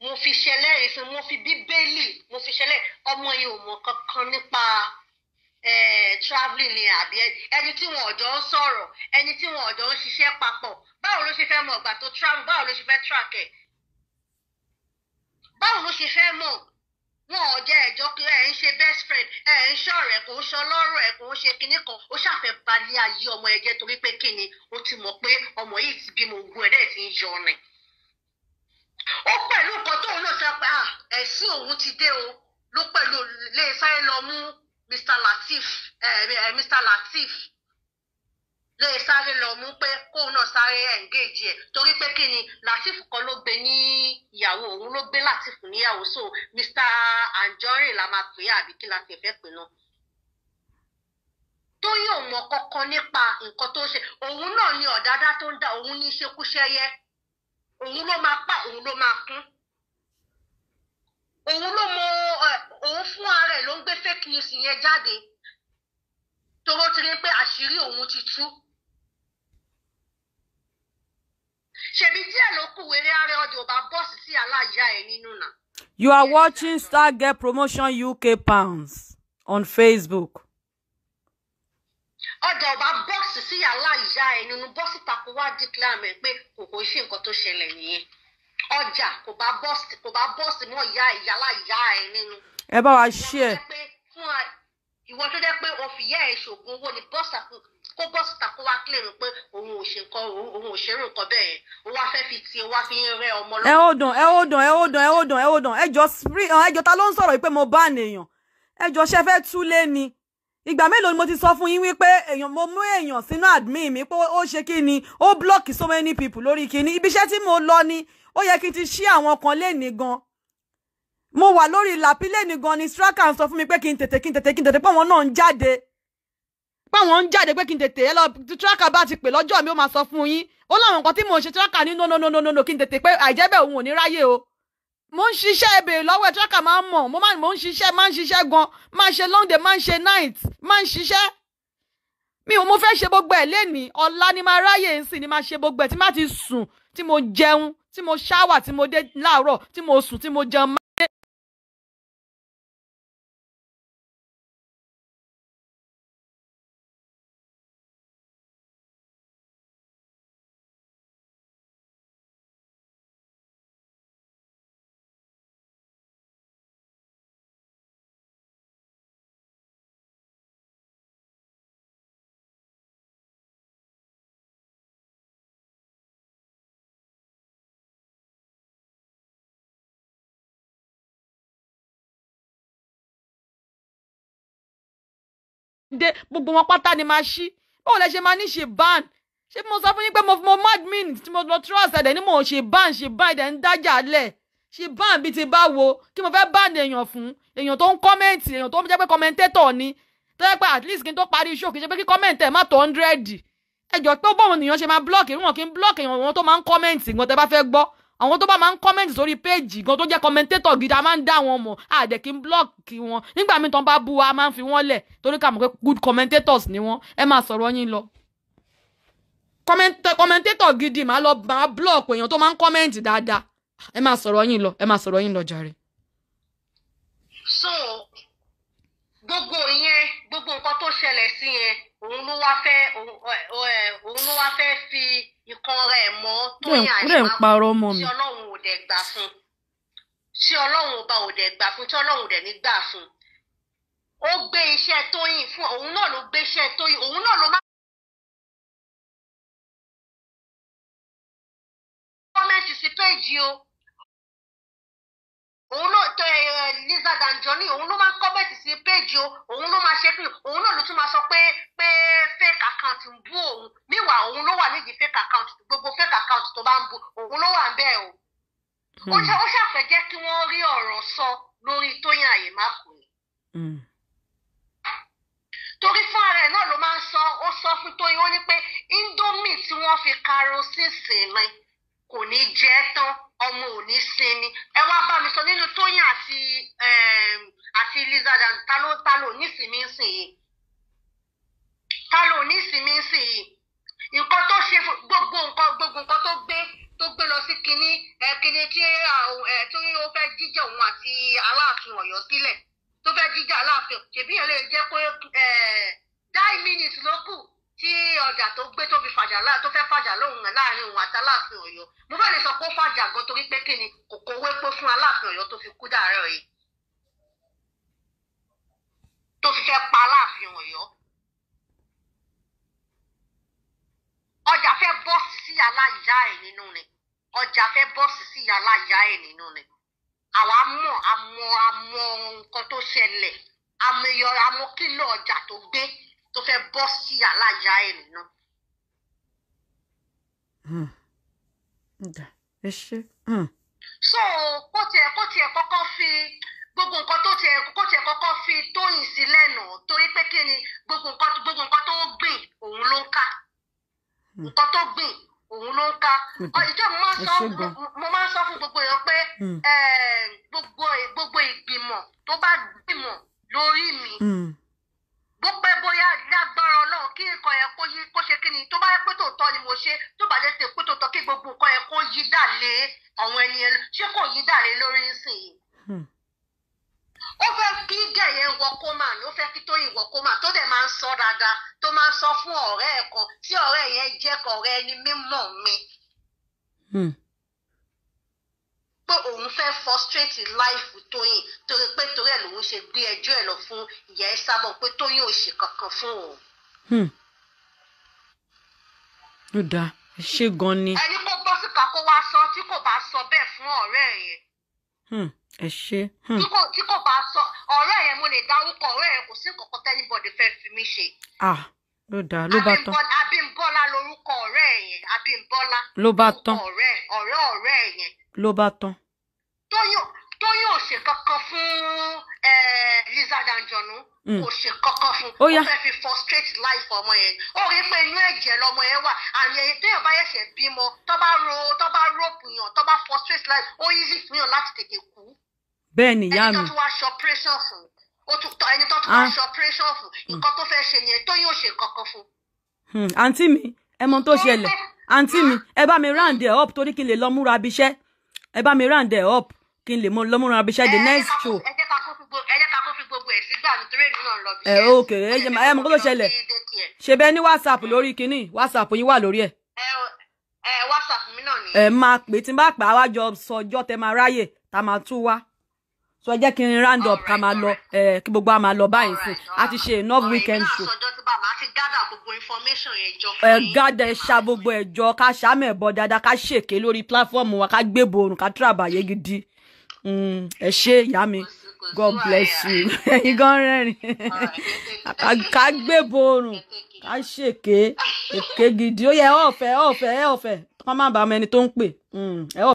mo fi ṣẹlẹ́rìí fún mo fi bíbélì mo fi ṣẹlẹ́rìí ọmọ yìí ò mọ̀ kankan nípa. Eh, traveling ni àbí ẹni tí wọn ọjọ́ ń sọ̀rọ̀ ẹni tí wọn ọjọ́ ń ṣiṣẹ́ papọ̀ báwo ló ṣe fẹ́ mọ̀ ìgbà tó travel báwo ló ṣe fẹ́ track ẹ̀ báwo ló ṣe fẹ́ mọ̀ wọn ò jẹ́ ẹ̀jọ́ pé ẹ̀ ń ṣe best friend ẹ̀ ń ṣọ̀rẹ́ kò ń ṣọlọ́rọ̀ ẹ̀ kò ń ṣe kinní kan ó ṣàfẹ́ balẹ̀ ayé ọmọ ẹ̀ jẹ́ torí pé kíni ó ti mọ̀ pé ọmọ yìí ti bímọ ogun ẹ̀ dẹ̀ ti ń yọ ọ̀nà ó pẹ̀lú nǹkan tóun náà sọ pé ah, ẹ̀sìn òun ti dé o ló pẹ̀lú lè sáré lọ mú Mr. Latif eh, Mr. Latif lè sáré lọ mú pé kóun náà sáré engage ẹ torí pé kí ni Latif kan ló gbé ní ìyàwó òun ló gbé Latif níyàwó so Mr. Anjorin la máa pè é àbí kí la ti fẹ́ pè náà tó yí òun ọkọ̀ọ̀kan nípa nǹkan tó ṣe òun náà ni ọ̀dádá tó ń dá òun ní ṣekúṣẹ́yẹ òun ló máa pa òun ló máa kún òun ló mọ òun fún ara ẹ̀ ló ń gbé fake news yẹn jáde tóró ti rí pé àṣírí òun ti tú. ṣèbí díẹ̀ ló kù wéré ààrẹ ọdún ọba bọ́ọ̀sì sí aláìyá ẹ̀ nínú nà. You are watching Star Get Promotion UK Pounds on Facebook. ọdọ ọba bọ́ọ̀sì sí aláìyá ẹ̀ nínú bọ́ọ̀sì takuwa dìklàmẹ̀ pé kòkó ṣe nǹkan tó ṣẹlẹ̀ nìyẹn ọjà kò bá bọ́ọ̀sì kò bá bọ́ọ̀sì mọ́ ìyá ìyálà ìyá ẹ nínú. ẹ bá wa ṣe ẹ. ìwọ tó jẹ́ pé o fìyà ẹ ṣoògùn owó ni bọ́ọ̀sì kó bọ́ọ̀sì ta kó wá kílẹ̀ nù pé òun ò ṣe nǹkan òun ò ṣerú nǹkan bẹ́ẹ̀ o wá fẹ́ fi ti o wá fi rẹ ọmọ lọ. ẹ ó dàn ẹ ó dàn ẹ ó dàn ẹ ó dàn ẹ ó dàn ẹjọ ẹjọ ta ló ń sọ̀rọ̀ yìí pé mo bá ènìyàn ẹjọ ṣe fẹ́ túlé ni ìgbà mélòó ni mo ti sọ fún yín wípé èèyàn mo mú èèyàn sínú admin mi pé ó ṣe kí ni ó blọ́ọ̀kì so many people lórí kí ni ibiṣẹ́ tí mo lọ ni ó yẹ kí n ti ṣí àwọn kan lẹ́ni gan mo wà lórí làpí lẹ́ni gan ni straka sọ fún mi pé kí n tètè kí n tètè kí n tètè pé àwọn náà ń jáde pé àwọn ń jáde pé kí n tètè ẹ lọ straka bá ti pè lọ́jọ́ mi ó máa sọ fún yín ó láwọn nǹkan tí mò ṣe straka ní no no no no no no kí n tètè pé àìjẹ́bẹ̀ òun ò ní ráyè o mo ń ṣiṣẹ́ ebèrè lọ́wọ́ ẹ̀ tíráka máa ń mọ̀ mo máa ń ṣiṣẹ́ máa ń ṣiṣẹ́ gan máa ń ṣe long máa ń ṣe night máa ń ṣiṣẹ́ mi ò mo fẹ́ ṣe gbogbo ẹ̀ lénìí ọ̀la ni máa ráyè ń sìn ni máa ṣe gbogbo ẹ̀ tí má ti sùn tí mo jẹun tí mo ṣáwà tí mo dé láàárọ̀ tí mo sùn tí mo jẹun dé gbogbo wọn pátá ni máa ṣí báwo lẹ ṣe máa ní ṣe ban ṣé mo sọ fún yín pé mo mo madmin tí mo lọ trust ẹ̀dẹ̀ ni mo ṣe ban ṣe ban ẹ̀dẹ̀ ń dájà lẹ̀ ṣe ban bíi ti báwo kí mo fẹ́ ban èèyàn fún èèyàn tó ń kọ́mẹ̀ntì èèyàn tó ń jẹ́ pé kọ́mẹ̀ntétọ̀ ni tó yẹ pé at least kí n tó parí iṣẹ́ òkè ṣe pé kí kọ́mẹ̀ntì ẹ̀ má tó hundred ẹ jọ pé báwọn èèyàn ṣe máa block èèyàn kí n block èèyàn wọn tó máa ń kọ́mẹ̀ntì ìgbọ̀n tẹ bá fẹ́ gbọ́ àwọn tó bá máa ń kọ́mẹ́ǹtì sórí péèjì gan tó jẹ́ kọ́mẹ́ńtétọ̀ gidi a máa ń dá wọn mọ̀ a dẹ̀ kí n blọ́ọ̀kì wọn nígbà míì tán bá bú wa a máa ń fi wọ́n lẹ̀ torí ká mọ̀ pé good commentators ni wọ́n ẹ máa sọ̀rọ̀ yín lọ. kọ́mẹ́ńtétọ̀ gidi máa lọ máa blọ́ọ̀kì èèyàn tó máa ń kọ́mẹ́ǹtì dáadáa ẹ máa sọ̀rọ̀ yín lọ ẹ máa sọ̀rọ̀ yín lọ jàre. so gbogbo ìyẹn gbogbo nǹkan tó ṣẹlẹ̀ sí yẹn òun ló wá fẹ́ òun ló wá fẹ́ fi ìkan rẹ̀ mọ́ Tóyìn Àyìnlá tí Ọlọ́run ò dẹ̀ gbà fún tí Ọlọ́run ọba ò dẹ̀ gbà fún tí Ọlọ́run ò dẹ̀ ní gbà fún ó gbé iṣẹ́ Tóyìn fún òun náà ló gbé iṣẹ́ Tóyìn òun náà ló má. kọ́mẹ́ǹtì sí péèjì o. òun ló tẹ ẹ Lizzy Anjorin òun ló máa ń kọ́mẹ̀tì sí péjì o òun ló máa ṣe bí òun náà ló tún máa sọ pé pé fake account ń bú òun níwà òun ló wà nídìí fake account gbogbo fake account tó bá ń bú òun ló wà bẹ́ẹ̀ o. ó ṣe ó ṣàfẹ́ jẹ́ kí wọ́n rí ọ̀rọ̀ sọ lórí Tóyìn Àyèmákò ni. Hmm. torí fún ara ẹ̀ náà ló máa ń sọ ó sọ fún Tóyìn ó ní pé indomie tí wọ́n fi karosíìsì mi kò ní jẹ́ tán. ọmọ ò ní sinmi ẹ wá bá mi sọ nínú Tóyìn àti ehm, àti Lizard and talo talo nísìmí nsìnyí talo nísìmí nsìnyí nǹkan tó ṣe gbogbo nǹkan gbogbo nǹkan tó gbé tó gbé lọ sí kinní ẹ kinní tí ẹ tó ó fẹ́ jíjà òun àti Aláàfin Ọ̀yọ́ sílẹ̀ tó fẹ́ jíjà Aláàfin ṣèbí yẹn lè jẹ́ pé ẹ dáì mínítì ló kù tí ọjà tó gbé tó fi fàjà láà tó fẹ́ fàjà lóhùn láàrin òun àti aláàfin ọ̀yọ́ mo bá lè sọ pé ó fàjà gan torí pé kí ni kò kówó epo fún aláàfin ọ̀yọ́ tó fi kú dàárẹ̀ ọ̀yẹ́ tó fi fẹ́ pa aláàfin ọ̀yọ́ ọjà fẹ́ bọ́ọ̀sì sí yàrá ìyá ẹ̀ nínú ni ọjà fẹ́ bọ́ọ̀sì sí yàrá ìyá ẹ̀ nínú ni àwa mọ̀ àmọ́ àmọ́ nǹkan tó ṣẹlẹ̀ àmọ́ kìlọ̀ ọjà tó gbé tó fẹ́ bọ́ sí aláya ẹ̀ nínú. Hmm. Hmm. so kó tiẹ̀ kó tiẹ̀ kọ́kọ́ fi gbogbo nǹkan tó tiẹ̀ kó tiẹ̀ kọ́kọ́ fi tóyìn sí lẹ́nu torí pé kí ni gbogbo nǹkan gbogbo nǹkan tó gbìn òun ló ń ká hmm. nǹkan tó gbìn òun ló ń ká ìjọ mo máa ń sọ fún gbogbo èèyàn pé eh, gbogbo ìgbìmọ̀ tó bá gbìmọ̀ lórí mi. bó pẹ́ bóyá lágbára ọlọ́run kí nǹkan yẹn kó yí kó ṣe kí ni tó bá yẹ pé tòótọ́ ni mo ṣe tó bá jẹ́ pé tòótọ́ kí gbogbo nǹkan yẹn kó yí dà lé àwọn ẹni yẹn ṣé kò yí dà lé lórí nsìn hmm. ó fẹ́ kí gẹ̀yẹ́ wọ kómà ni ó fẹ́ kí Tóyìn wọ kómà tó dẹ̀ máa ń sọ dáadáa tó máa ń sọ fún ọ̀rẹ́ ẹ̀ kan tí ọ̀rẹ́ yẹn jẹ́ kọ̀ọ̀rẹ́ ẹni mímọ̀ mi. Hmm. pé òun fẹ́ frustrate life tóyìn torí pé torí ẹ̀ lòun ṣe gbé ẹjọ́ ẹ̀ lọ fún ìyá ẹ̀ sábọ̀ pé tóyìn ò ṣe kankan fún òun. Hmm. ó dáa ṣé gan ni. ẹni kó bọ́ síta kó wá sọ tí kò bá sọ bẹ́ẹ̀ fún ọ̀rẹ́ yẹn. Hmm, ẹ ṣe. Hmm. tí kò bá sọ ọ̀rẹ́ yẹn mo lè dárúkọ ọ̀rẹ́ yẹn kò sí nǹkan kan tẹ́nibọ̀dì fẹ́ fi mí ṣe. ah ló dáa ló bá tán. Abímbọ́lá lorúkọ ọ̀rẹ́ yẹn Abímbọ́lá ló bá ọ̀rẹ́ ọ̀rẹ́ ọ̀rẹ́ yẹn ló bá tán. tóyún ò ṣe kankan fún Lizzy Anjorin hmm. kò ṣe kankan fún ó fẹ́ fi frustrate life ọmọ yẹn ó rí pé inú ẹ̀jẹ̀ lọmọ yẹn wà àmì ẹ̀yẹ téèyàn bá yẹ̀ṣẹ̀ bímọ tó bá ro tó bá rope yàn tó bá frustrate life ó easy fún yàn láti tètè kú. bẹ́ẹ̀ ni ìyá mi ẹni tó tún wá ṣe operation fún ẹni tó tún ah. wá ṣe operation fún hmm. nǹkan tó fẹ́ ṣe yẹn tóyún ò ṣe kankan fún. Hmm, àǹtí mi ẹ tó ṣẹlẹ̀ àǹtí mi ah. ẹ bá mi round up torí kí n lè lọ múra bíṣẹ́ ẹ bá mi round ẹ̀ up kí n lè mọ lọ́mú ràn the eh, next show. ẹ jẹ́ ká kó fi gbogbo ẹ jẹ́ ká kó ẹ̀ sígbà nítorí èmi lọ bí eh, iṣẹ́. ẹ ṣe bẹ́ẹ̀ ní whatsapp lórí kinní whatsapp yín wà lórí ẹ̀. ẹ eh, whatsapp mi náà ni. ẹ máa pè tí n bá pè á wájọ sọjọ́ tẹ máa ráyè tá máa tún wá so ẹ jẹ́ kí n round up ká máa lọ eh, kí gbogbo a máa lọ báyìí sí a ti ṣe enough weekend show. ẹ gádà eh, ẹ ṣá gbogbo ẹjọ ká ṣàmì ẹbọ dáadáa ká ṣèké lórí platform wa ká gbé borun ká tíràbàyè gidi hmm, ẹ ṣé ìyá mi god bless you *laughs* ẹyin gan rẹ́rìn ká gbé borun ká ṣèké èké gidi ó yẹ ọ̀fẹ́ ọ̀fẹ́ ọ̀fẹ́ kọ́ má bàa mọ ẹni tó ń pè hmm, ẹ ọ̀fẹ́.